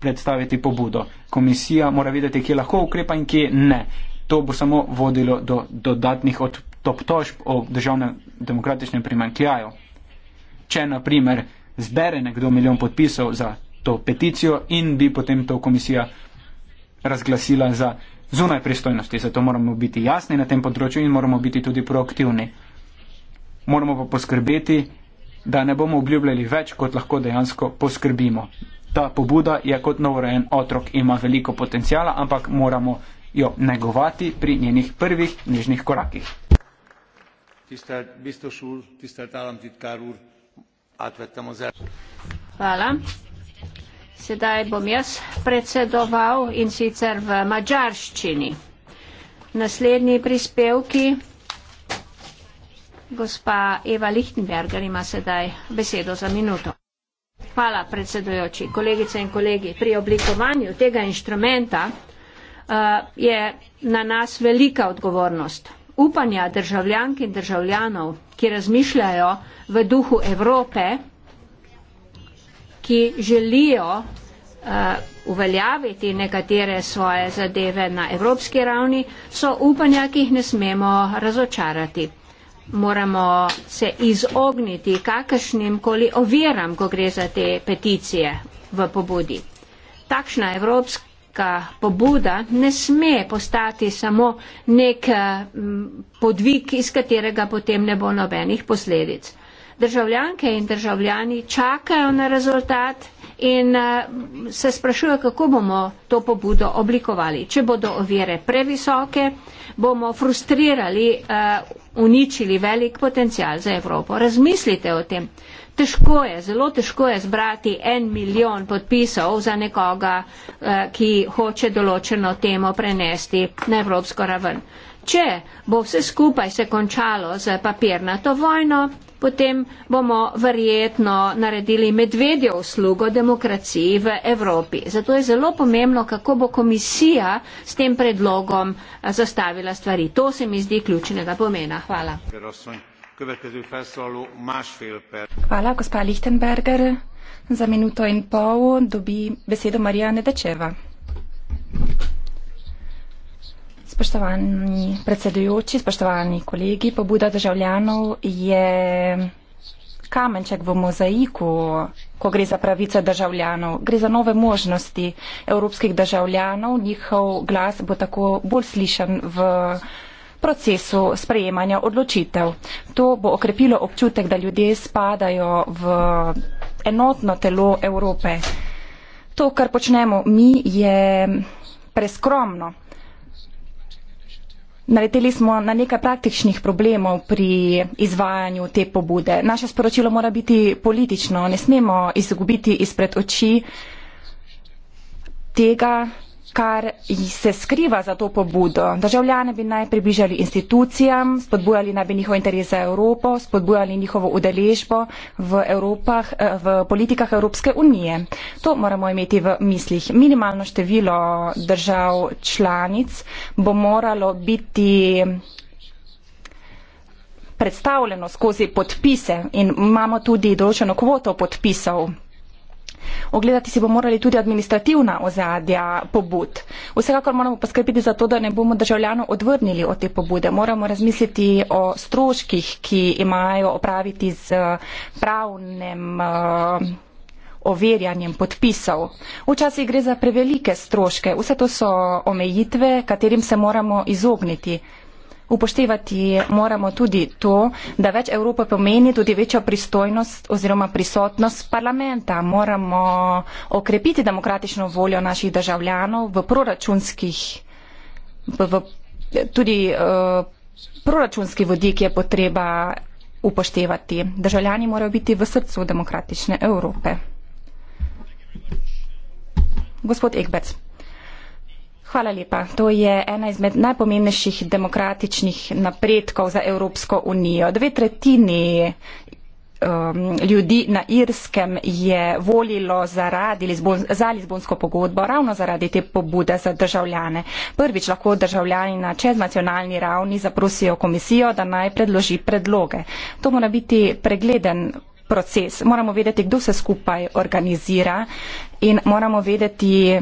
predstaviti pobudo. Komisija mora vedeti, kje lahko ukrepa in kje ne. To bo samo vodilo do dodatnih obtožb o državnem demokratičnem primankljaju. Če naprimer zbere nekdo milijon podpisov za to peticijo in bi potem to komisija razglasila za zunaj pristojnosti, zato moramo biti jasni na tem področju in moramo biti tudi proaktivni. Moramo pa poskrbeti, da ne bomo obljubljali več, kot lahko dejansko poskrbimo. Ta pobuda je kot novorojen otrok, ima veliko potencijala, ampak moramo jo negovati pri njenih prvih nižnih korakih. Hvala. Sedaj bom jaz predsedoval in sicer v mađarščini. Naslednji prispevki Gospa Eva Lichtenberger ima sedaj besedo za minuto. Hvala, predsedujoči. Kolegice in kolegi, pri oblikovanju tega inštrumenta uh, je na nas velika odgovornost. Upanja državljank in državljanov, ki razmišljajo v duhu Evrope, ki želijo uh, uveljaviti nekatere svoje zadeve na evropski ravni, so upanja, ki jih ne smemo razočarati moramo se izogniti kakršnim koli oviram, ko gre za te peticije v pobudi. Takšna evropska pobuda ne sme postati samo nek mm, podvik, iz katerega potem ne bo nobenih posledic. Državljanke in državljani čakajo na rezultat in eh, se sprašujejo, kako bomo to pobudo oblikovali. Če bodo ovire previsoke, bomo frustrirali uh, uničili velik potencial za Evropo. Razmislite o tem. Težko je, zelo težko je zbrati en milijon podpisov za nekoga, eh, ki hoče določeno temo prenesti na evropsko raven. Če bo vse skupaj se končalo z papirnato vojno, potem bomo verjetno naredili medvedjo uslugo demokraciji v Evropi. Zato je zelo pomembno, kako bo komisija s tem predlogom eh, zastavila stvari. To se mi zdi ključnega pomena. Hvala. Hvala, gospa Lichtenberger. Za minuto in pol dobi besedo Marija Nedečeva spoštovani predsedujoči, spoštovani kolegi, pobuda državljanov je kamenček v mozaiku, ko gre za pravice državljanov. Gre za nove možnosti evropskih državljanov, njihov glas bo tako bolj slišen v procesu sprejemanja odločitev. To bo okrepilo občutek, da ljudje spadajo v enotno telo Evrope. To, kar počnemo mi, je preskromno. Naleteli smo na nekaj praktičnih problemov pri izvajanju te pobude. Naše sporočilo mora biti politično. Ne smemo izgubiti izpred oči tega, kar se skriva za to pobudo. Državljane bi naj približali institucijam, spodbujali naj bi njihov interes za Evropo, spodbujali njihovo udeležbo v, Evropah, eh, v politikah Evropske unije. To moramo imeti v mislih. Minimalno število držav članic bo moralo biti predstavljeno skozi podpise in imamo tudi določeno kvoto podpisov. Ogledati si bomo morali tudi administrativna ozadja pobud. Vsekakor moramo poskrbiti za to, da ne bomo državljanov odvrnili od te pobude. Moramo razmisliti o stroških, ki imajo opraviti z eh, pravnem eh, overjanjem podpisov. Včasih gre za prevelike stroške. Vse to so omejitve, katerim se moramo izogniti upoštevati moramo tudi to, da več Evrope pomeni tudi večjo pristojnost oziroma prisotnost parlamenta. Moramo okrepiti demokratično voljo naših državljanov v proračunskih, v, v, tudi uh, proračunski vodik je potreba upoštevati. Državljani morajo biti v srcu demokratične Evrope. Gospod Egbert. Hvala lepa. To je ena izmed najpomembnejših demokratičnih napredkov za Evropsko unijo. Dve tretjini um, ljudi na Irskem je volilo zaradi Lizbon, za Lizbonsko pogodbo, ravno zaradi te pobude za državljane. Prvič lahko državljani na čeznacionalni ravni zaprosijo komisijo, da naj predloži predloge. To mora biti pregleden. Proces. Moramo vedeti, kdo se skupaj organizira in moramo vedeti,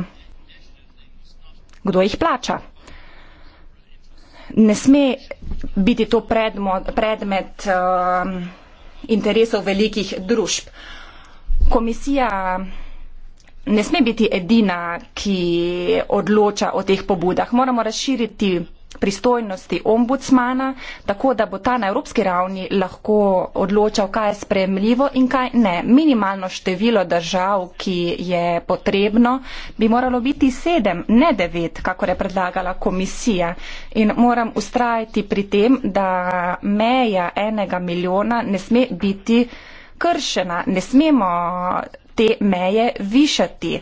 kdo jih plača. Ne sme biti to predmo, predmet uh, interesov velikih družb. Komisija ne sme biti edina, ki odloča o teh pobudah. Moramo razširiti pristojnosti ombudsmana, tako da bo ta na evropski ravni lahko odločal, kaj je sprejemljivo in kaj ne. Minimalno število držav, ki je potrebno, bi moralo biti sedem, ne devet, kako je predlagala komisija. In moram ustrajati pri tem, da meja enega milijona ne sme biti kršena, ne smemo te meje višati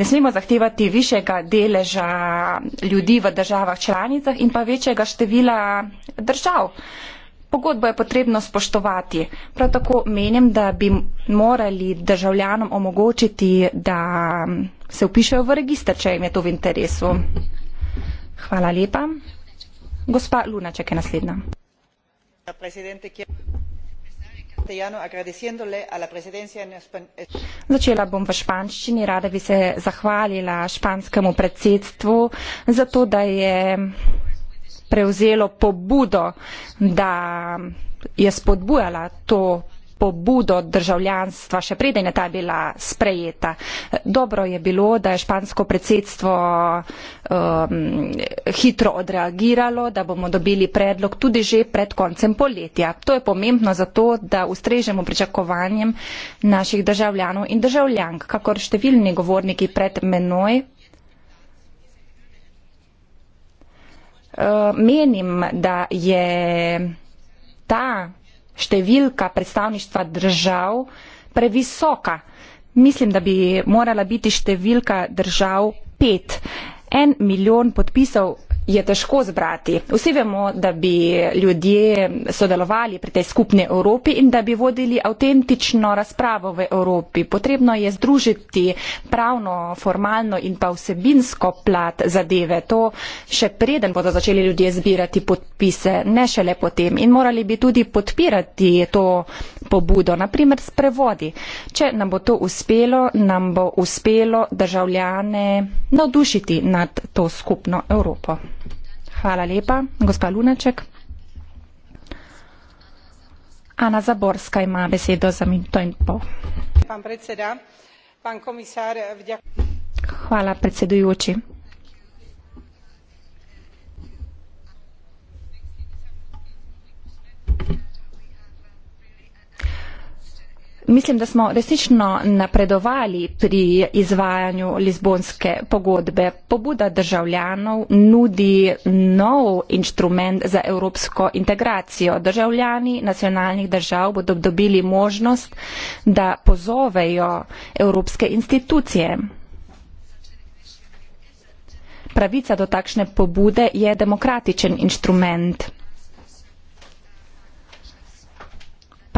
ne smemo zahtevati višjega deleža ljudi v državah članicah in pa večjega števila držav. Pogodbo je potrebno spoštovati. Prav tako menim, da bi morali državljanom omogočiti, da se upišajo v register, če jim je to v interesu. Hvala lepa. Gospa Lunaček je naslednja castellano agradeciéndole a la presidencia en Začela bom v španščini, rada bi se zahvalila španskemu predsedstvu za to, da je prevzelo pobudo, da je spodbujala to pobudo državljanstva, še preden je ta bila sprejeta. Dobro je bilo, da je špansko predsedstvo um, hitro odreagiralo, da bomo dobili predlog tudi že pred koncem poletja. To je pomembno zato, da ustrežemo pričakovanjem naših državljanov in državljank, kakor številni govorniki pred menoj. Uh, menim, da je ta številka predstavništva držav previsoka. Mislim, da bi morala biti številka držav pet. En milijon podpisov je težko zbrati. Vsi vemo, da bi ljudje sodelovali pri tej skupni Evropi in da bi vodili avtentično razpravo v Evropi. Potrebno je združiti pravno, formalno in pa vsebinsko plat zadeve. To še preden bodo začeli ljudje zbirati podpise, ne šele potem. In morali bi tudi podpirati to pobudo, naprimer s prevodi. Če nam bo to uspelo, nam bo uspelo državljane navdušiti nad to skupno Evropo. Thank you. Hvala lepa. Gospa Lunaček. Ana Zaborska ima besedo za minuto in pol. Pan predseda, pan komisar, vdja... Hvala predsedujoči. Mislim, da smo resnično napredovali pri izvajanju Lizbonske pogodbe. Pobuda državljanov nudi nov inštrument za evropsko integracijo. Državljani nacionalnih držav bodo dobili možnost, da pozovejo evropske institucije. Pravica do takšne pobude je demokratičen inštrument.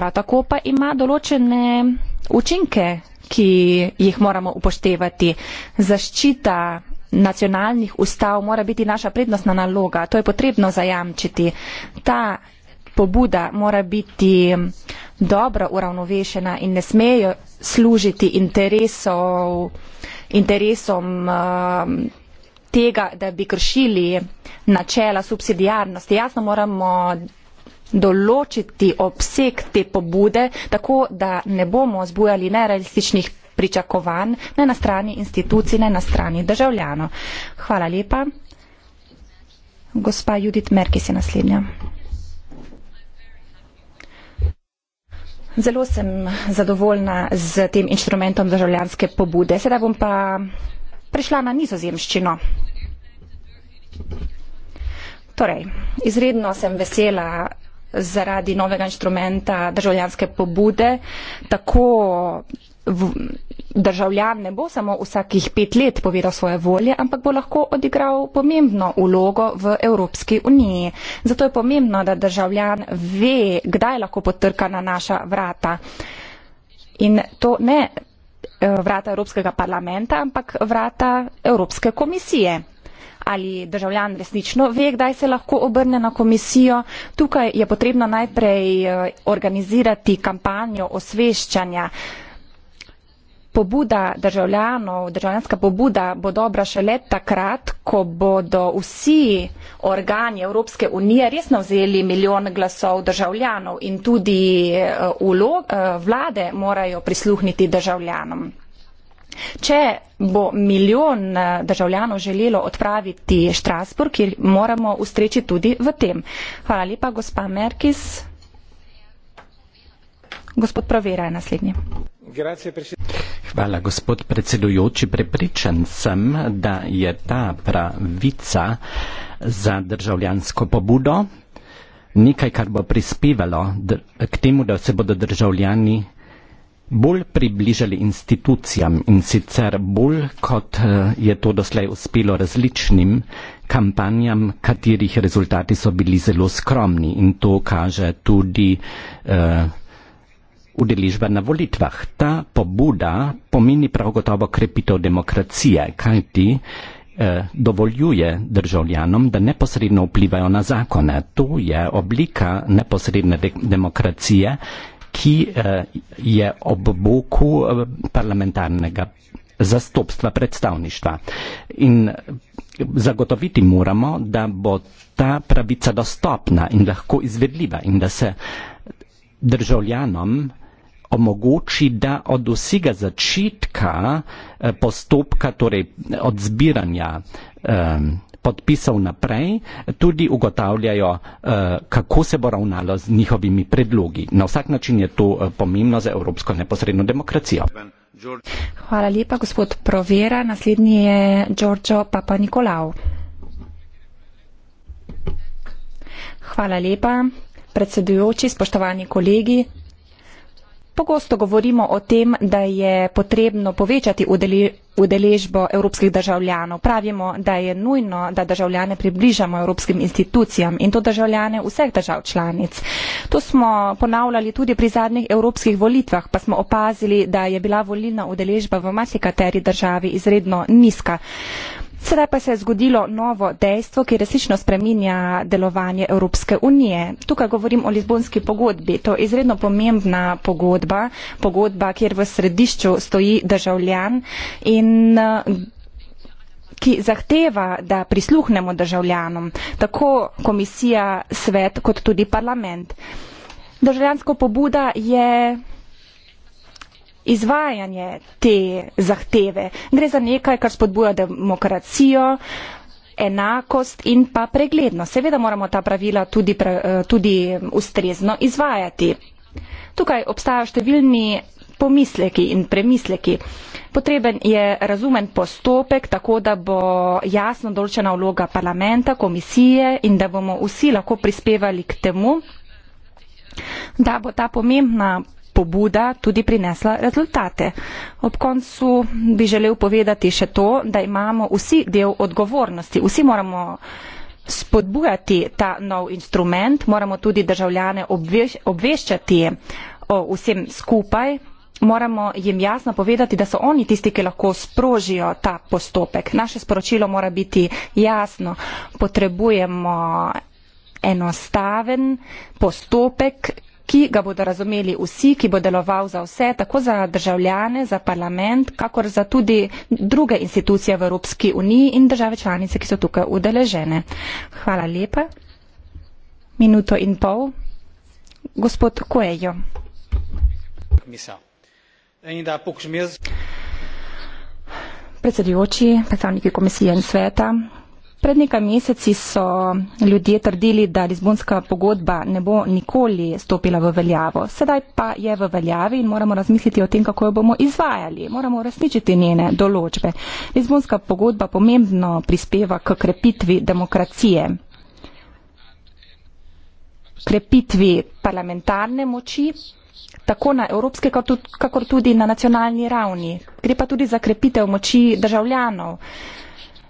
prav tako pa ima določene učinke, ki jih moramo upoštevati. Zaščita nacionalnih ustav mora biti naša prednostna naloga, to je potrebno zajamčiti. Ta pobuda mora biti dobro uravnovešena in ne smejo služiti interesov, interesom uh, tega, da bi kršili načela subsidijarnosti. Jasno moramo določiti obseg te pobude, tako da ne bomo zbujali nerealističnih pričakovanj ne na strani institucij, ne na strani državljano. Hvala lepa. Gospa Judith Merkis je naslednja. Zelo sem zadovoljna z tem inštrumentom državljanske pobude. Sedaj bom pa prišla na nizozemščino. Torej, izredno sem vesela zaradi novega instrumenta državljanske pobude, tako v, državljan ne bo samo vsakih pet let povedal svoje volje, ampak bo lahko odigral pomembno ulogo v Evropski uniji. Zato je pomembno, da državljan ve, kdaj lahko potrka na naša vrata. In to ne eh, vrata Evropskega parlamenta, ampak vrata Evropske komisije ali državljan resnično ve, kdaj se lahko obrne na komisijo. Tukaj je potrebno najprej eh, organizirati kampanjo osveščanja. Pobuda državljanov, državljanska pobuda bo dobra šele takrat, ko bodo vsi organi Evropske unije resno vzeli milijon glasov državljanov in tudi eh, eh, vlade morajo prisluhniti državljanom. Če bo milijon eh, državljanov želelo odpraviti Štrasburg, kjer moramo ustreči tudi v tem. Hvala lepa, gospa Merkis. Gospod Provera je naslednji. Hvala, gospod predsedujoči. Prepričan sem, da je ta pravica za državljansko pobudo nekaj, kar bo prispevalo k temu, da se bodo državljani bolj približali institucijam in sicer bolj, kot eh, je to doslej uspelo različnim kampanjam, katerih rezultati so bili zelo skromni in to kaže tudi uh, udeležba na volitvah. Ta pobuda pomeni prav gotovo krepitev demokracije, kajti eh, dovoljuje državljanom, da neposredno vplivajo na zakone. To je oblika neposredne de demokracije, ki eh, je ob boku eh, parlamentarnega zastopstva predstavništva. In zagotoviti moramo, da bo ta pravica dostopna in lahko izvedljiva in da se državljanom omogoči, da od vsega začetka eh, postopka, torej od zbiranja eh, podpisov naprej, tudi ugotavljajo, eh, kako se bo ravnalo z njihovimi predlogi. Na vsak način je to eh, pomembno za evropsko neposredno demokracijo. Hvala lepa, gospod Provera. Naslednji je Giorgio Papa Nikolao. Hvala lepa, predsedujoči, spoštovani kolegi, Pogosto govorimo o tem, da je potrebno povečati udeležbo evropskih državljanov. Pravimo, da je nujno, da državljane približamo evropskim institucijam in to državljane vseh držav članic. To smo ponavljali tudi pri zadnjih evropskih volitvah, pa smo opazili, da je bila volilna udeležba v marsikateri državi izredno nizka. Sedaj pa se je zgodilo novo dejstvo, ki resnično spreminja delovanje Evropske unije. Tukaj govorim o Lizbonski pogodbi. To je izredno pomembna pogodba, pogodba, kjer v središču stoji državljan in ki zahteva, da prisluhnemo državljanom, tako komisija, svet kot tudi parlament. Državljanska pobuda je izvajanje te zahteve. Gre za nekaj, kar spodbuja demokracijo, enakost in pa preglednost. Seveda moramo ta pravila tudi, eh, tudi ustrezno izvajati. Tukaj obstajajo številni pomisleki in premisleki. Potreben je razumen postopek, tako da bo jasno določena vloga parlamenta, komisije in da bomo vsi lahko prispevali k temu, da bo ta pomembna pobuda tudi prinesla rezultate. Ob koncu bi želel povedati še to, da imamo vsi del odgovornosti. Vsi moramo spodbujati ta nov instrument, moramo tudi državljane obveš obveščati o vsem skupaj, moramo jim jasno povedati, da so oni tisti, ki lahko sprožijo ta postopek. Naše sporočilo mora biti jasno. Potrebujemo enostaven postopek, ki ga bodo razumeli vsi, ki bo deloval za vse, tako za državljane, za parlament, kakor za tudi druge institucije v Evropski uniji in države članice, ki so tukaj udeležene. Hvala lepa. Minuto in pol. Gospod Kuejo. Predsedujoči, predstavniki komisije in sveta, Pred nekaj meseci so ljudje trdili, da Lizbonska pogodba ne bo nikoli stopila v veljavo. Sedaj pa je v veljavi in moramo razmisliti o tem, kako jo bomo izvajali. Moramo uresničiti njene določbe. Lizbonska pogodba pomembno prispeva k krepitvi demokracije, krepitvi parlamentarne moči tako na evropske, kakor tudi na nacionalni ravni. Gre pa tudi za krepitev moči državljanov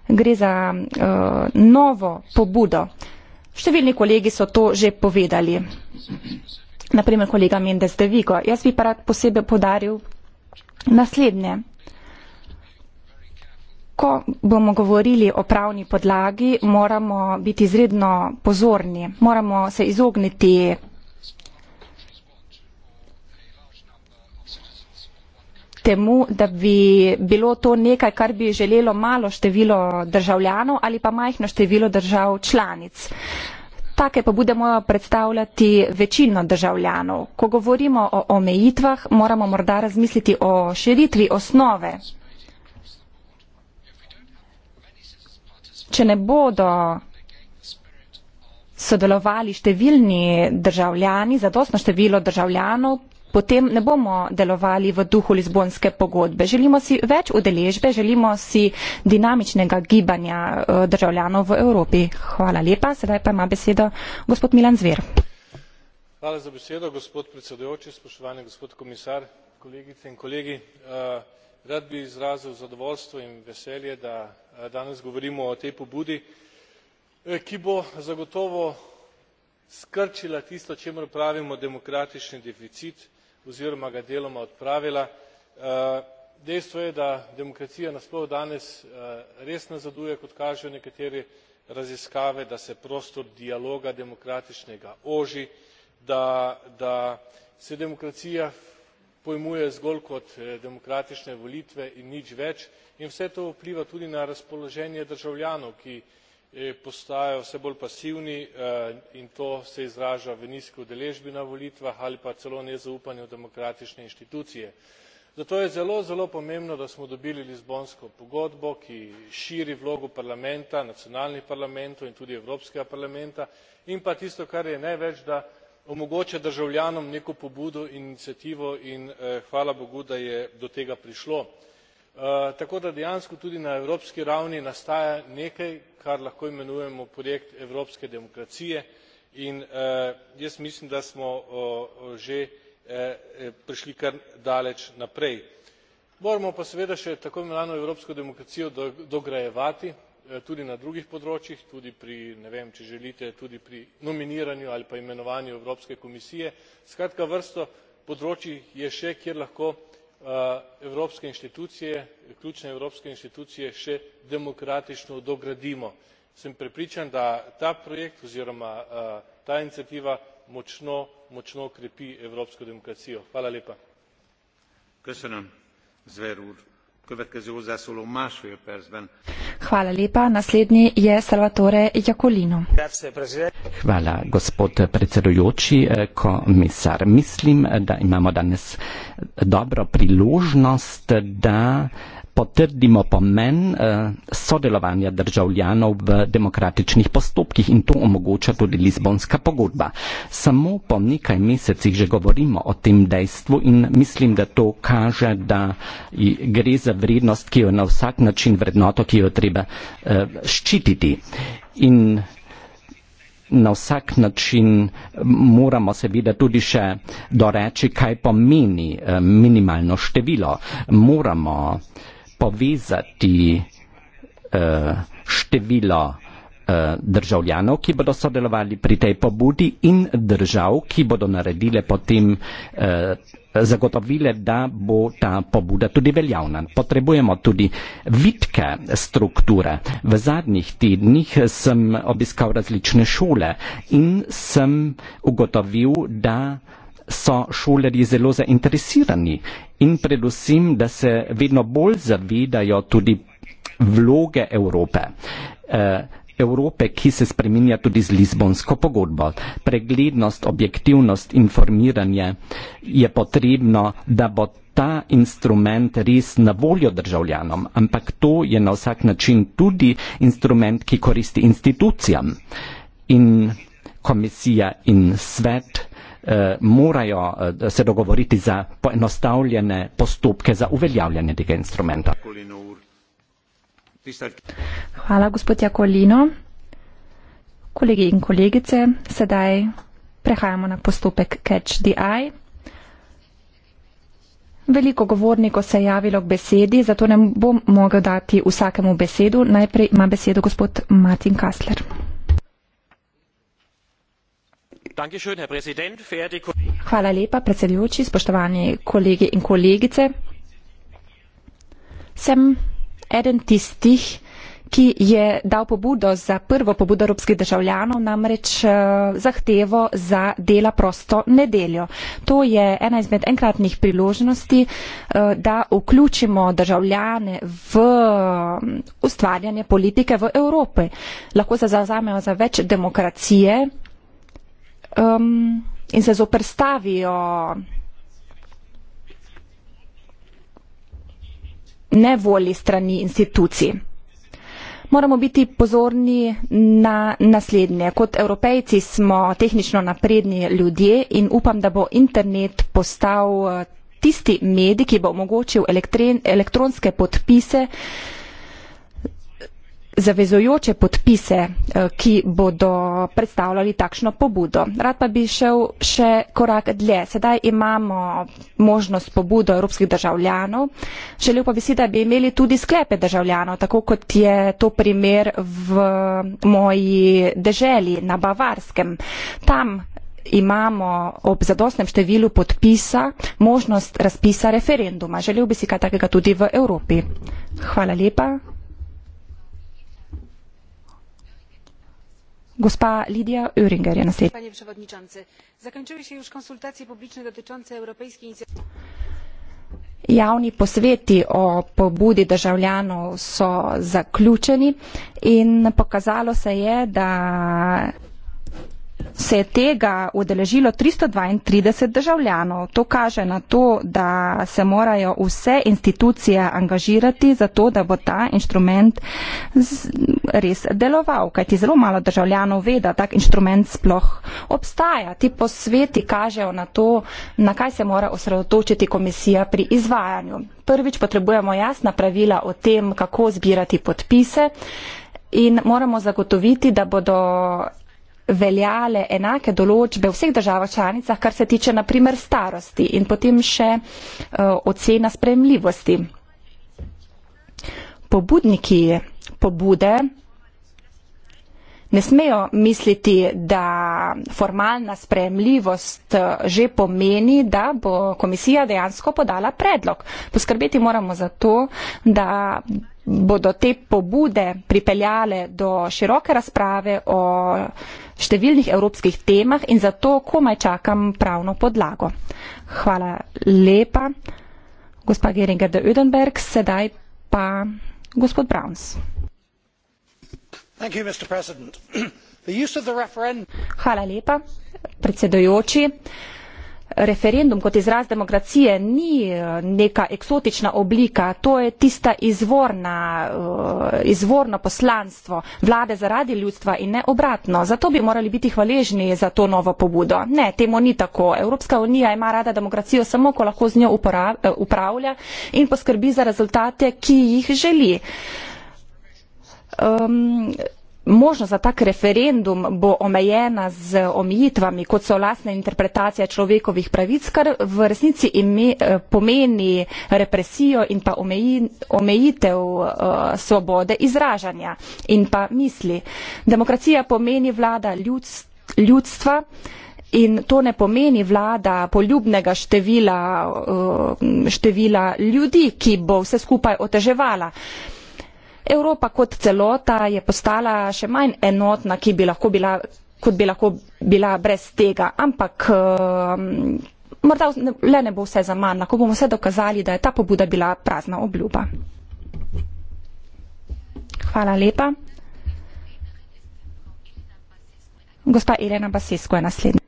gre za uh, novo pobudo. Številni kolegi so to že povedali. Naprimer, kolega Mendes de Vigo. Jaz bi pa rad posebej podaril naslednje. Ko bomo govorili o pravni podlagi, moramo biti izredno pozorni, moramo se izogniti temu, da bi bilo to nekaj, kar bi želelo malo število državljanov ali pa majhno število držav članic. Take pa bude mojo predstavljati večino državljanov. Ko govorimo o omejitvah, moramo morda razmisliti o širitvi osnove. Če ne bodo sodelovali številni državljani, zadostno število državljanov, potem ne bomo delovali v duhu Lizbonske pogodbe. Želimo si več udeležbe, želimo si dinamičnega gibanja eh, državljanov v Evropi. Hvala lepa. Sedaj pa ima besedo gospod Milan Zver. Hvala za besedo, gospod predsedujoči, spoštovani gospod komisar, kolegice in kolegi. Eh, rad bi izrazil zadovoljstvo in veselje, da eh, danes govorimo o tej pobudi, ki bo zagotovo skrčila tisto, čemu pravimo demokratični deficit, oziroma ga deloma odpravila. Eh, dejstvo je da demokracija nasploh danes eh, res nazaduje kot kažejo nekatere raziskave da se prostor dialoga demokratičnega oži da se demokracija pojmuje zgolj kot eh, demokratične volitve in nič več in vse to vpliva tudi na razpoloženje državljanov ki Eh, postajajo vse bolj pasivni eh, in to se izraža v nizki udeležbi na volitvah ali pa celo nezaupanju v demokratične inštitucije. zato je zelo zelo pomembno da smo dobili lizbonsko pogodbo ki širi vlogo parlamenta nacionalnih parlamentov in tudi evropskega parlamenta in pa tisto kar je največ da omogoča državljanom neko pobudo iniciativo in eh, hvala bogu da je do tega prišlo. Eh, tako da dejansko tudi na evropski ravni nastaja nekaj kar lahko imenujemo projekt evropske demokracije in eh, jaz mislim da smo eh, že prišli kar daleč naprej. moramo pa seveda še tako imenovano evropsko demokracijo dograjevati tudi na drugih področjih tudi pri ne vem če želite tudi pri nominiranju ali pa imenovanju evropske komisije skratka vrsto področij je še kjer lahko Eh, evropske inštitucije ključne evropske inštitucije še demokratično dogradimo. sem prepričan da ta projekt oziroma eh, ta iniciativa močno močno krepi evropsko demokracijo. Hvala, gospod predsedujoči, eh, komisar. Mislim, da imamo danes dobro priložnost, da potrdimo pomen eh, sodelovanja državljanov v demokratičnih postopkih in to omogoča tudi Lizbonska pogodba. Samo po nekaj mesecih že govorimo o tem dejstvu in mislim, da to kaže, da gre za vrednost, ki jo je na vsak način vrednoto, ki jo je treba eh, ščititi. In na vsak način eh, moramo seveda tudi še doreči, kaj pomeni eh, minimalno število. Moramo povezati eh, število Eh, državljanov, ki bodo sodelovali pri tej pobudi in držav, ki bodo naredile potem eh, zagotovile, da bo ta pobuda tudi veljavna. Potrebujemo tudi vitke strukture. V zadnjih tednih sem obiskal različne šole in sem ugotovil, da so šolerji zelo zainteresirani in predvsem, da se vedno bolj zavedajo tudi vloge Evrope. Uh, Evrope, ki se spreminja tudi z Lizbonsko pogodbo. Preglednost, objektivnost, informiranje je potrebno, da bo ta instrument res na voljo državljanom, ampak to je na vsak način tudi instrument, ki koristi institucijam. In komisija in svet eh, morajo eh, se dogovoriti za poenostavljene postopke za uveljavljanje tega instrumenta. Kolinu. Hvala, gospod Jakolino. Kolegi in kolegice, sedaj prehajamo na postopek Catch the Eye. Veliko govornikov se je javilo k besedi, zato ne bom mogel dati vsakemu besedu. Najprej ima besedo gospod Martin Kastler. Hvala lepa, predsedujoči, spoštovani kolegi in kolegice. Sem eden tistih, ki je dal pobudo za prvo pobudo evropskih državljanov, namreč eh, zahtevo za dela prosto nedeljo. To je ena izmed enkratnih priložnosti, eh, da vključimo državljane v mm, ustvarjanje politike v Evropi. Lahko se zazamejo za več demokracije um, in se zoprstavijo ne volji strani institucij. Moramo biti pozorni na naslednje. Kot evropejci smo tehnično napredni ljudje in upam, da bo internet postal eh, tisti medij, ki bo omogočil elektronske podpise zavezojoče podpise, eh, ki bodo predstavljali takšno pobudo. Rad pa bi šel še korak dlje. Sedaj imamo možnost pobudo evropskih državljanov. Želel pa bi si, da bi imeli tudi sklepe državljanov, tako kot je to primer v moji deželi na Bavarskem. Tam imamo ob zadostnem številu podpisa možnost razpisa referenduma. Želel bi si kaj takega tudi v Evropi. Hvala lepa. panie przewodniczący! zakończyły się już konsultacje publiczne dotyczące europejskiej javni posveti o pobudi državljanov so zaključeni in pokazalo se je da se je tega udeležilo 332 državljanov. To kaže na to, da se morajo vse institucije angažirati za to, da bo ta inštrument res deloval. Kajti zelo malo državljanov ve, da tak inštrument sploh obstaja. Ti posveti kažejo na to, na kaj se mora osredotočiti komisija pri izvajanju. Prvič potrebujemo jasna pravila o tem, kako zbirati podpise. In moramo zagotoviti, da bodo veljale enake določbe v vseh državah članicah, kar se tiče naprimer starosti in potem še uh, ocena spremljivosti. Pobudniki pobude ne smejo misliti, da formalna spremljivost eh, že pomeni, da bo komisija dejansko podala predlog. Poskrbeti moramo za to, da bodo te pobude pripeljale do široke razprave o številnih evropskih temah in zato komaj čakam pravno podlago. Hvala lepa, gospa Geringer de Udenberg, sedaj pa gospod Browns. Hvala lepa, predsedujoči referendum kot izraz demokracije ni eh, neka eksotična oblika, to je tista izvorna, eh, izvorno poslanstvo vlade zaradi ljudstva in ne obratno. Zato bi morali biti hvaležni za to novo pobudo. Ne, temu ni tako. Evropska unija ima rada demokracijo samo, ko lahko z njo eh, upravlja in poskrbi za rezultate, ki jih želi. Um, možnost za tak referendum bo omejena z omejitvami, kot so lastna interpretacija človekovih pravic, kar v resnici ime, eh, pomeni represijo in pa omeji, omejitev uh, svobode izražanja in pa misli. Demokracija pomeni vlada ljudst, ljudstva. In to ne pomeni vlada poljubnega števila, eh, števila ljudi, ki bo vse skupaj oteževala. Evropa kot celota je postala še manj enotna, ki bi lahko bila, kot bi lahko bila brez tega. Ampak ehm, morda le ne bo vse za manj, lahko bomo vse dokazali, da je ta pobuda bila prazna obljuba. Hvala lepa. Gospa Elena Basesko je naslednja.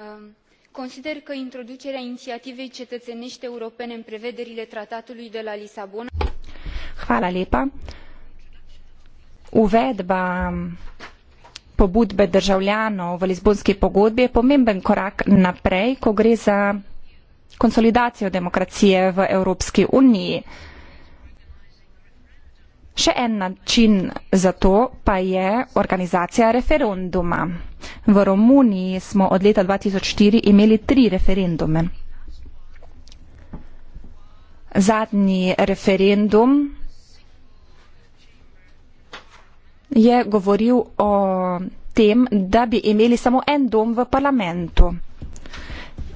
Ehm, consider că introducerea inițiativei cetățenești europene în prevederile tratatului de la Lisabona Hvala lepa. Uvedba pobudbe državljanov v Lizbonski pogodbi je pomemben korak naprej, ko gre za konsolidacijo demokracije v Evropski uniji. Še en način za to pa je organizacija referenduma. V Romuniji smo od leta 2004 imeli tri referendume. Zadnji referendum je govoril o tem, da bi imeli samo en dom v parlamentu.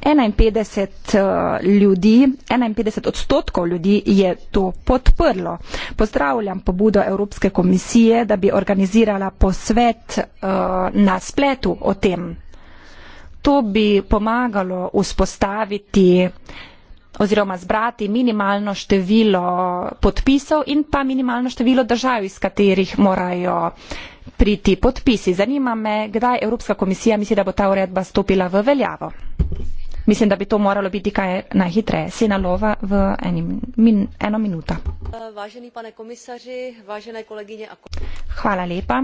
51 eh, ljudi, 51 odstotkov ljudi je to podprlo. Pozdravljam pobudo Evropske komisije, da bi organizirala posvet eh, na spletu o tem. To bi pomagalo vzpostaviti oziroma zbrati minimalno število podpisov in pa minimalno število držav, iz katerih morajo priti podpisi. Zanima me, kdaj Evropska komisija misli, da bo ta uredba stopila v veljavo. Mislim, da bi to moralo biti kaj najhitreje. Sina Lova v eni, min, eno minuta. Vážený pane komisaři, vážené kolegyne a kolegyne. Hvala lepa.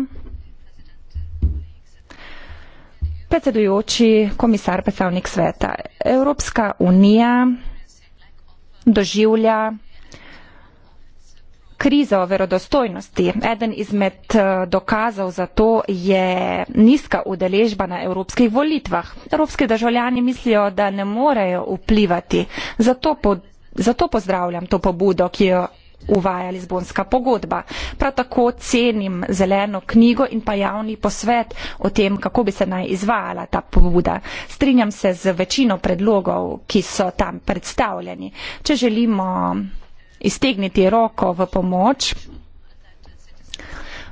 Predsedujoči komisar, predstavnik sveta. Evropska unija doživlja krizo verodostojnosti. Eden izmed eh, dokazov za to je nizka udeležba na evropskih volitvah. Evropski državljani mislijo, da ne morejo vplivati. Zato, po, zato pozdravljam to pobudo, ki jo uvaja Lizbonska pogodba. Prav tako cenim zeleno knjigo in pa javni posvet o tem, kako bi se naj izvajala ta pobuda. Strinjam se z večino predlogov, ki so tam predstavljeni. Če želimo iztegniti roko v pomoč,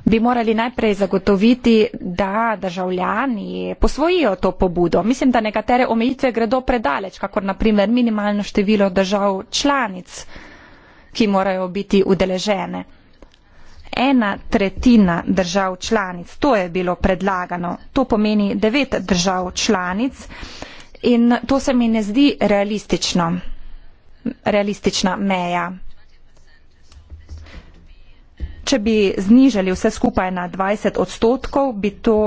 bi morali najprej zagotoviti, da državljani posvojijo to pobudo. Mislim, da nekatere omejitve gredo predaleč, kakor naprimer minimalno število držav članic ki morajo biti udeležene. Ena tretjina držav članic, to je bilo predlagano, to pomeni devet držav članic in to se mi ne zdi realistično, realistična meja. Če bi znižali vse skupaj na 20 odstotkov, bi to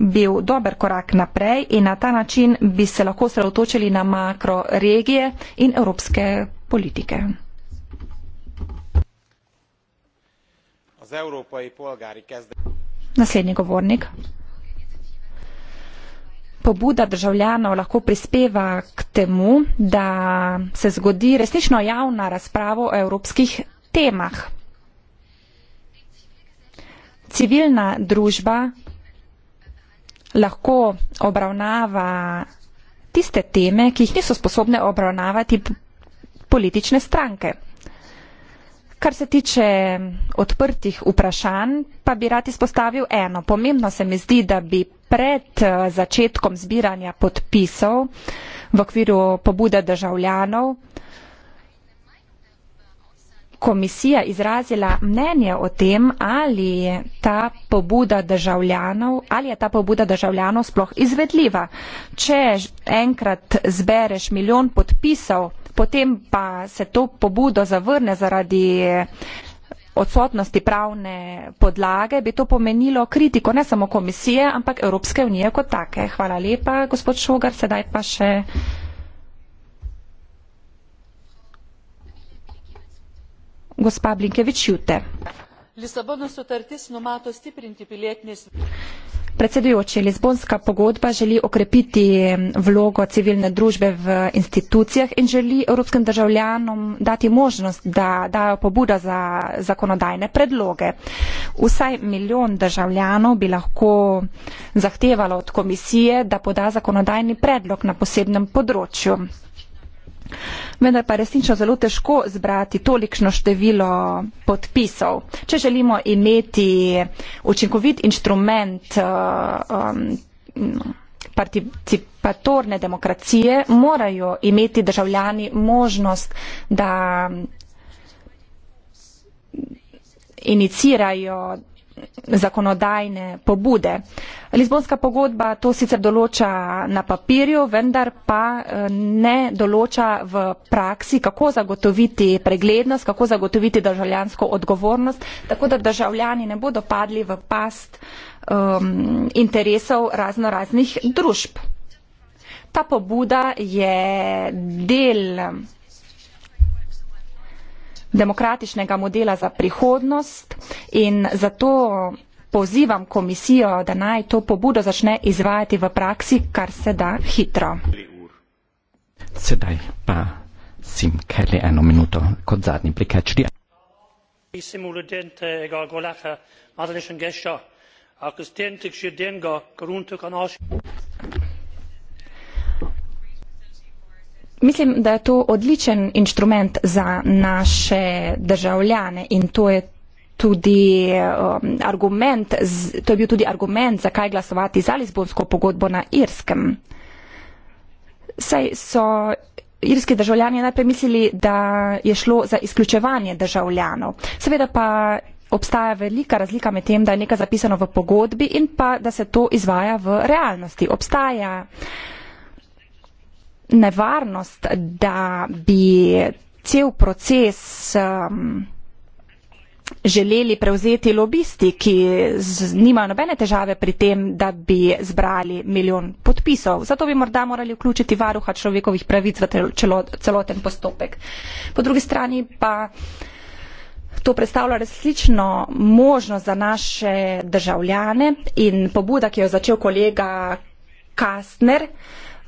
bil dober korak naprej in na ta način bi se lahko sredotočili na makro regije in evropske politike. Naslednji govornik. Pobuda državljanov lahko prispeva k temu, da se zgodi resnično javna razprava o evropskih temah. Civilna družba lahko obravnava tiste teme, ki jih niso sposobne obravnavati politične stranke. Kar se tiče odprtih vprašanj, pa bi rad izpostavil eno. Pomembno se mi zdi, da bi pred eh, začetkom zbiranja podpisov v okviru pobude državljanov komisija izrazila mnenje o tem, ali je ta pobuda državljanov, ali je ta pobuda državljanov sploh izvedljiva. Če enkrat zbereš milijon podpisov, potem pa se to pobudo zavrne zaradi odsotnosti pravne podlage, bi to pomenilo kritiko ne samo komisije, ampak Evropske unije kot take. Hvala lepa, gospod Šogar, sedaj pa še. Gospa Blinkevič, jute predsedujoči lizbonska pogodba želi okrepiti vlogo civilne družbe v institucijah in želi evropskim državljanom dati možnost da dajo pobudo za zakonodajne predloge vsaj milijon državljanov bi lahko zahtevalo od komisije da poda zakonodajni predlog na posebnem področju Vendar pa resnično zelo težko zbrati tolikšno število podpisov, če želimo imeti učinkovit inštrument. Eh, um, participatorne demokracije morajo imeti državljani možnost, da inicirajo zakonodajne pobude. Lizbonska pogodba to sicer določa na papirju, vendar pa eh, ne določa v praksi, kako zagotoviti preglednost, kako zagotoviti državljansko odgovornost, tako da državljani ne bodo padli v past um, interesov razno raznih družb. Ta pobuda je del demokratičnega modela za prihodnost in zato pozivam komisijo, da naj to pobudo začne izvajati v praksi, kar se da hitro. Sedaj pa sem kaj eno minuto kot zadnji prikačdi. Simuludente, Golacha, Madeleine Gesha, Augustin Tixidengo, Grunto Kanoš. Mislim, da je to odličen inštrument za naše državljane in to je tudi um, argument, z, to je bil tudi argument, zakaj glasovati za Lizbonsko pogodbo na Irskem. Saj so irski državljani najprej mislili, da je šlo za izključevanje državljanov. Seveda pa obstaja velika razlika med tem, da je nekaj zapisano v pogodbi in pa, da se to izvaja v realnosti. Obstaja uh, nevarnost, da bi cel proces um, želeli prevzeti lobisti, ki z, nimajo nobene težave pri tem, da bi zbrali milijon podpisov. Zato bi morda morali vključiti varuha človekovih pravic v telo, celoten postopek. Po drugi strani pa to predstavlja resnično možnost za naše državljane in pobuda, ki jo je začel kolega Kastner. Uh,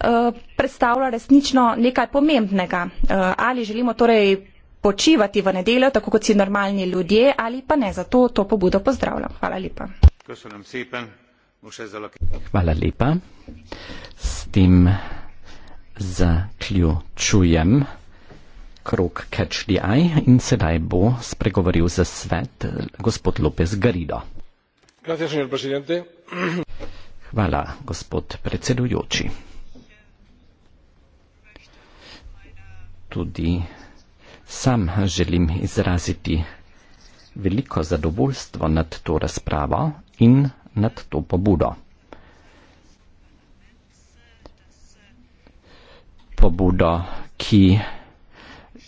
Eh, predstavlja resnično nekaj pomembnega. Eh, ali želimo torej počivati v nedeljo, tako kot si normalni ljudje, ali pa ne. Zato to pobudo pozdravljam. Hvala lepa. Hvala lepa. S tem zaključujem krok Catch the Eye in sedaj bo spregovoril za svet eh, gospod Lopez Garido. Gracias, Hvala, gospod predsedujoči. tudi sam želim izraziti veliko zadovoljstvo nad to razpravo in nad to pobudo. Pobudo, ki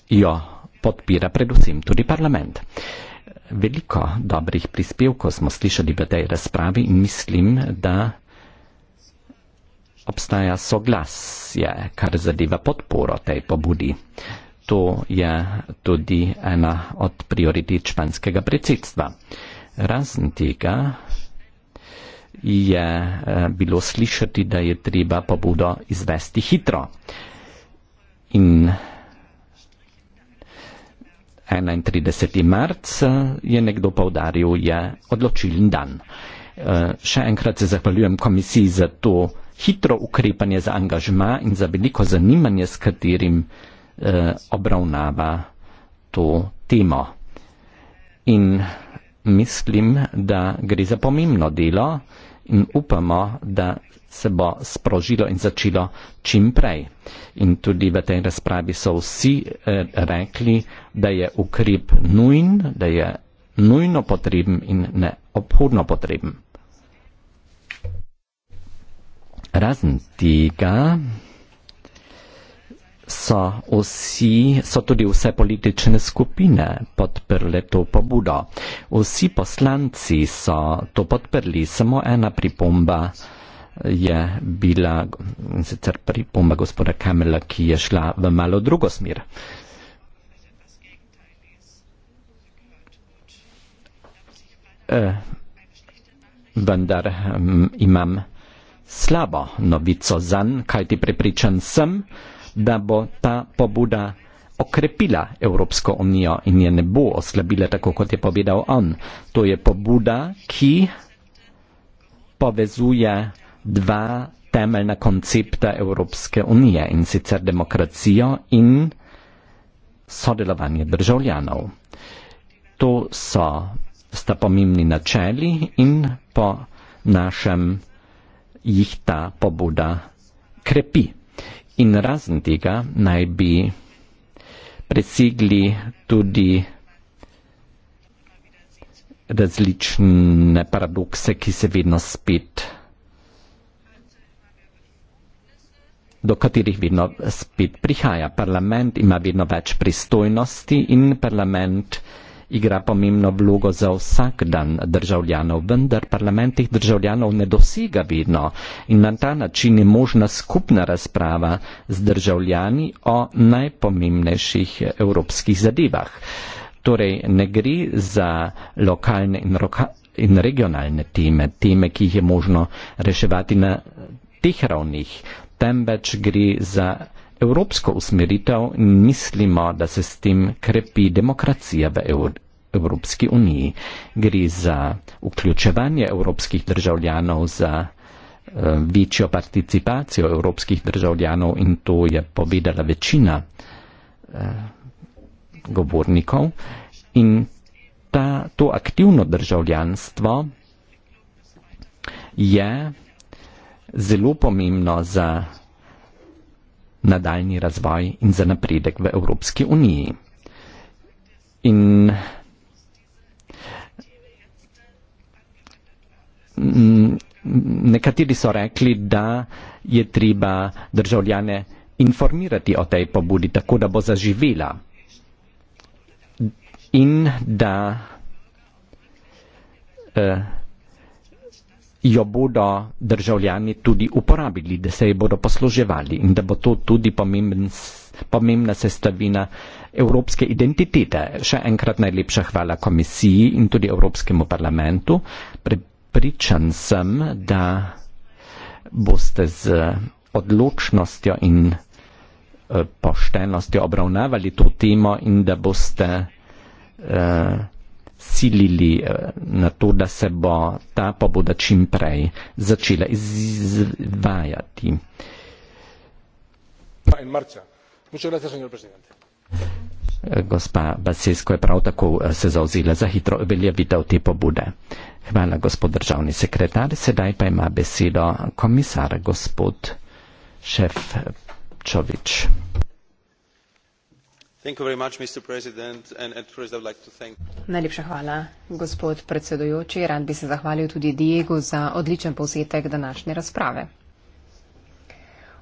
jo podpira predvsem tudi parlament. Veliko dobrih prispevkov smo slišali v tej razpravi in mislim, da obstaja soglasje, kar zadeva podporo tej pobudi. To je tudi ena od prioritet španskega predsedstva. Razen tega je eh, bilo slišati, da je treba pobudo izvesti hitro. In 31. marc eh, je nekdo povdaril, je odločilen dan. Eh, še enkrat se zahvaljujem komisiji za to, hitro ukrepanje za angažma in za veliko zanimanje, s katerim eh, obravnava to temo. In mislim, da gre za pomembno delo in upamo, da se bo sprožilo in začelo čim prej. In tudi v tej razpravi so vsi eh, rekli, da je ukrep nujen, da je nujno potreben in neobhodno potreben. Razen tega so, vsi, so tudi vse politične skupine podprle to pobudo. Vsi poslanci so to podprli, samo ena pripomba je bila, in sicer pripomba gospoda Kamela, ki je šla v malo drugo smer. Eh, vendar hm, imam slabo novico zanj, kajti prepričan sem, da bo ta pobuda okrepila Evropsko unijo in je ne bo oslabila, tako kot je povedal on. To je pobuda, ki povezuje dva temeljna koncepta Evropske unije in sicer demokracijo in sodelovanje državljanov. To so sta pomembni načeli in po našem jih ta pobuda krepi. In razen tega naj bi presegli tudi različne paradokse, ki se vedno spet, do katerih vedno spet prihaja. Parlament ima vedno več pristojnosti in parlament igra pomembno vlogo za vsak dan državljanov, vendar parlament teh državljanov ne dosega vedno in na ta način je možna skupna razprava z državljani o najpomembnejših evropskih zadevah. Torej ne gre za lokalne in, roka, in regionalne teme, teme, ki jih je možno reševati na teh ravnih, temveč gre za evropsko usmeritev in mislimo, da se s tem krepi demokracija v EU. Evropski uniji. Gre za vključevanje evropskih državljanov, za uh, večjo participacijo evropskih državljanov in to je povedala večina uh, govornikov. In ta, to aktivno državljanstvo je zelo pomembno za nadaljni razvoj in za napredek v Evropski uniji. In nekateri so rekli, da je treba državljane informirati o tej pobudi, tako da bo zaživela in da eh, jo bodo državljani tudi uporabili, da se jo bodo posluževali in da bo to tudi pomemben, pomembna sestavina evropske identitete. Še enkrat najlepša hvala komisiji in tudi Evropskemu parlamentu. Pripričan sem, da boste z odločnostjo in eh, poštenostjo obravnavali to temo in da boste uh, silili eh, na to, da se bo ta pobuda čim prej začela izvajati. Eh, gospa Basesko je prav tako eh, se zauzela za hitro uveljavitev te pobude. Hvala, gospod državni sekretar. Sedaj pa ima besedo komisar, gospod Šefčovič. Najlepša hvala, gospod predsedujoči. Rad bi se zahvalil tudi Diegu za odličen povzetek današnje razprave.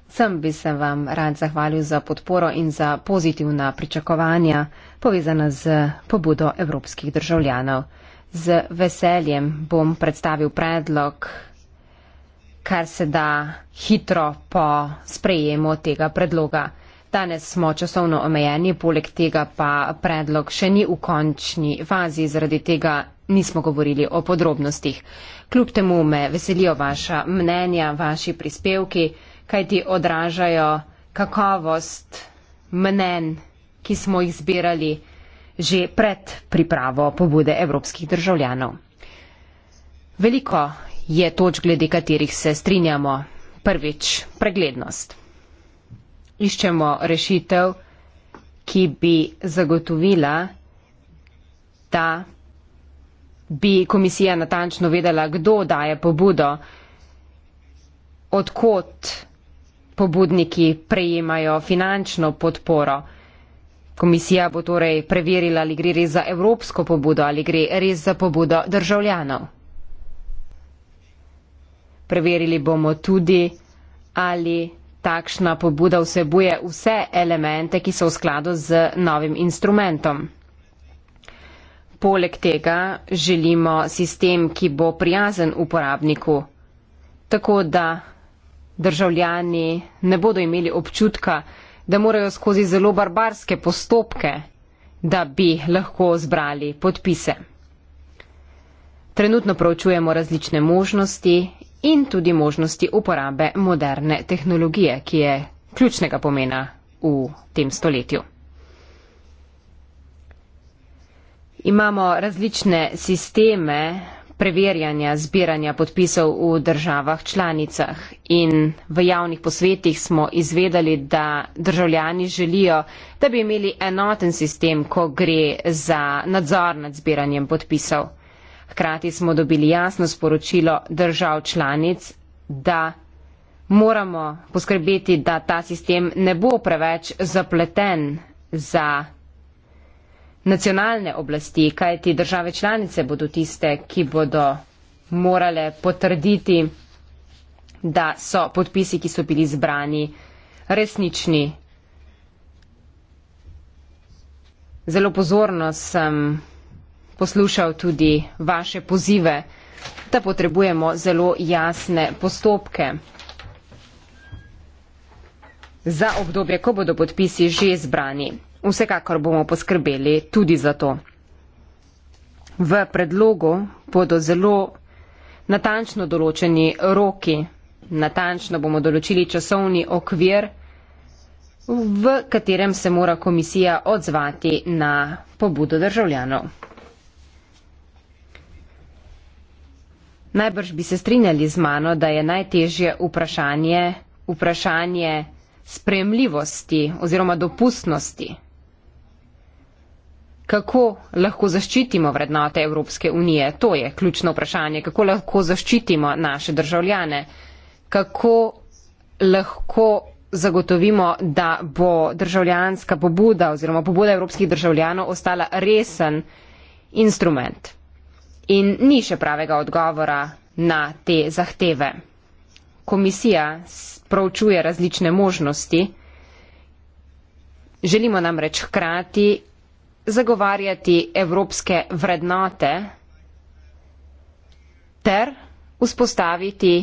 Vsem bi se vam rad zahvalil za podporo in za pozitivna pričakovanja, povezana z pobudo evropskih državljanov. Z veseljem bom predstavil predlog, kar se da hitro po sprejemu tega predloga. Danes smo časovno omejeni, poleg tega pa predlog še ni v končni fazi, zaradi tega nismo govorili o podrobnostih. Kljub temu me veselijo vaša mnenja, vaši prispevki, kaj ti odražajo kakovost mnen, ki smo jih zbirali že pred pripravo pobude evropskih državljanov. Veliko je toč, glede katerih se strinjamo. Prvič, preglednost iščemo rešitev, ki bi zagotovila, da bi komisija natančno vedela, kdo daje pobudo, odkot pobudniki prejemajo finančno podporo. Komisija bo torej preverila, ali gre res za evropsko pobudo, ali gre res za pobudo državljanov. Preverili bomo tudi, ali takšna pobuda vsebuje vse elemente, ki so v skladu z novim instrumentom. Poleg tega želimo sistem, ki bo prijazen uporabniku, tako da državljani ne bodo imeli občutka, da morajo skozi zelo barbarske postopke, da bi lahko zbrali podpise. Trenutno proučujemo različne možnosti in tudi možnosti uporabe moderne tehnologije, ki je ključnega pomena v tem stoletju. Imamo različne sisteme preverjanja zbiranja podpisov v državah članicah in v javnih posvetih smo izvedeli, da državljani želijo, da bi imeli enoten sistem, ko gre za nadzor nad zbiranjem podpisov. Hkrati smo dobili jasno sporočilo držav članic, da moramo poskrbeti, da ta sistem ne bo preveč zapleten za nacionalne oblasti, kajti države članice bodo tiste, ki bodo morale potrditi, da so podpisi, ki so bili zbrani, resnični. Zelo pozorno sem poslušal tudi vaše pozive, da potrebujemo zelo jasne postopke. Za obdobje, ko bodo podpisi že zbrani, vsekakor bomo poskrbeli tudi za to. V predlogu bodo zelo natančno določeni roki, natančno bomo določili časovni okvir, v katerem se mora komisija odzvati na pobudo državljanov. Najbrž bi se strinjali z mano, da je najtežje vprašanje vprašanje spremljivosti oziroma dopustnosti. Kako lahko zaščitimo vrednote Evropske unije? To je ključno vprašanje. Kako lahko zaščitimo naše državljane? Kako lahko zagotovimo, da bo državljanska pobuda oziroma pobuda evropskih državljanov ostala resen instrument? in ni še pravega odgovora na te zahteve. Komisija proučuje različne možnosti. Želimo namreč hkrati zagovarjati evropske vrednote ter vzpostaviti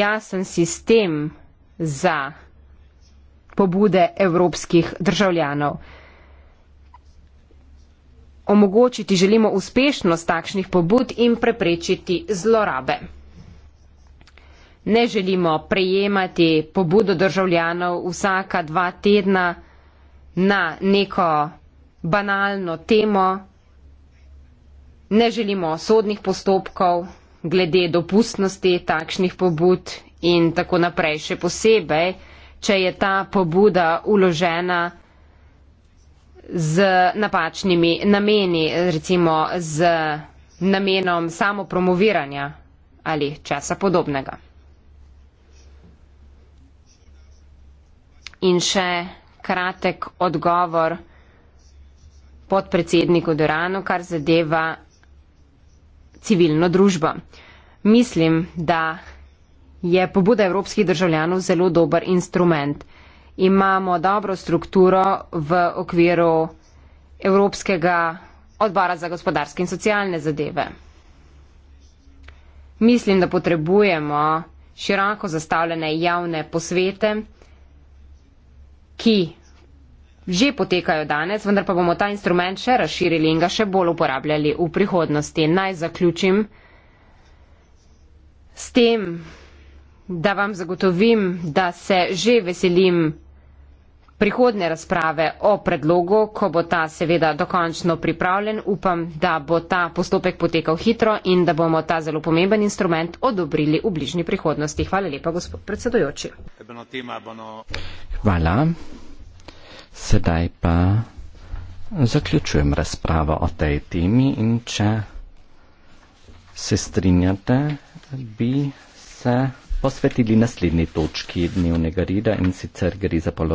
jasen sistem za pobude evropskih državljanov omogočiti želimo uspešnost takšnih pobud in preprečiti zlorabe. Ne želimo prejemati pobudo državljanov vsaka dva tedna na neko banalno temo, ne želimo sodnih postopkov glede dopustnosti takšnih pobud in tako naprej še posebej, če je ta pobuda uložena z napačnimi nameni, recimo z namenom samopromoviranja ali česa podobnega. In še kratek odgovor podpredsedniku Doranu, kar zadeva civilno družbo. Mislim, da je pobuda evropskih državljanov zelo dober instrument imamo dobro strukturo v okviru Evropskega odbora za gospodarske in socialne zadeve. Mislim, da potrebujemo široko zastavljene javne posvete, ki že potekajo danes, vendar pa bomo ta instrument še razširili in ga še bolj uporabljali v prihodnosti. Naj zaključim s tem, da vam zagotovim, da se že veselim prihodne razprave o predlogu, ko bo ta seveda dokončno pripravljen. Upam, da bo ta postopek potekal hitro in da bomo ta zelo pomemben instrument odobrili v bližnji prihodnosti. Hvala lepa, gospod predsedujoči. Hvala. Sedaj pa zaključujem razpravo o tej temi in če se strinjate, bi se posvetili naslednji točki dnevnega reda in sicer gre za polo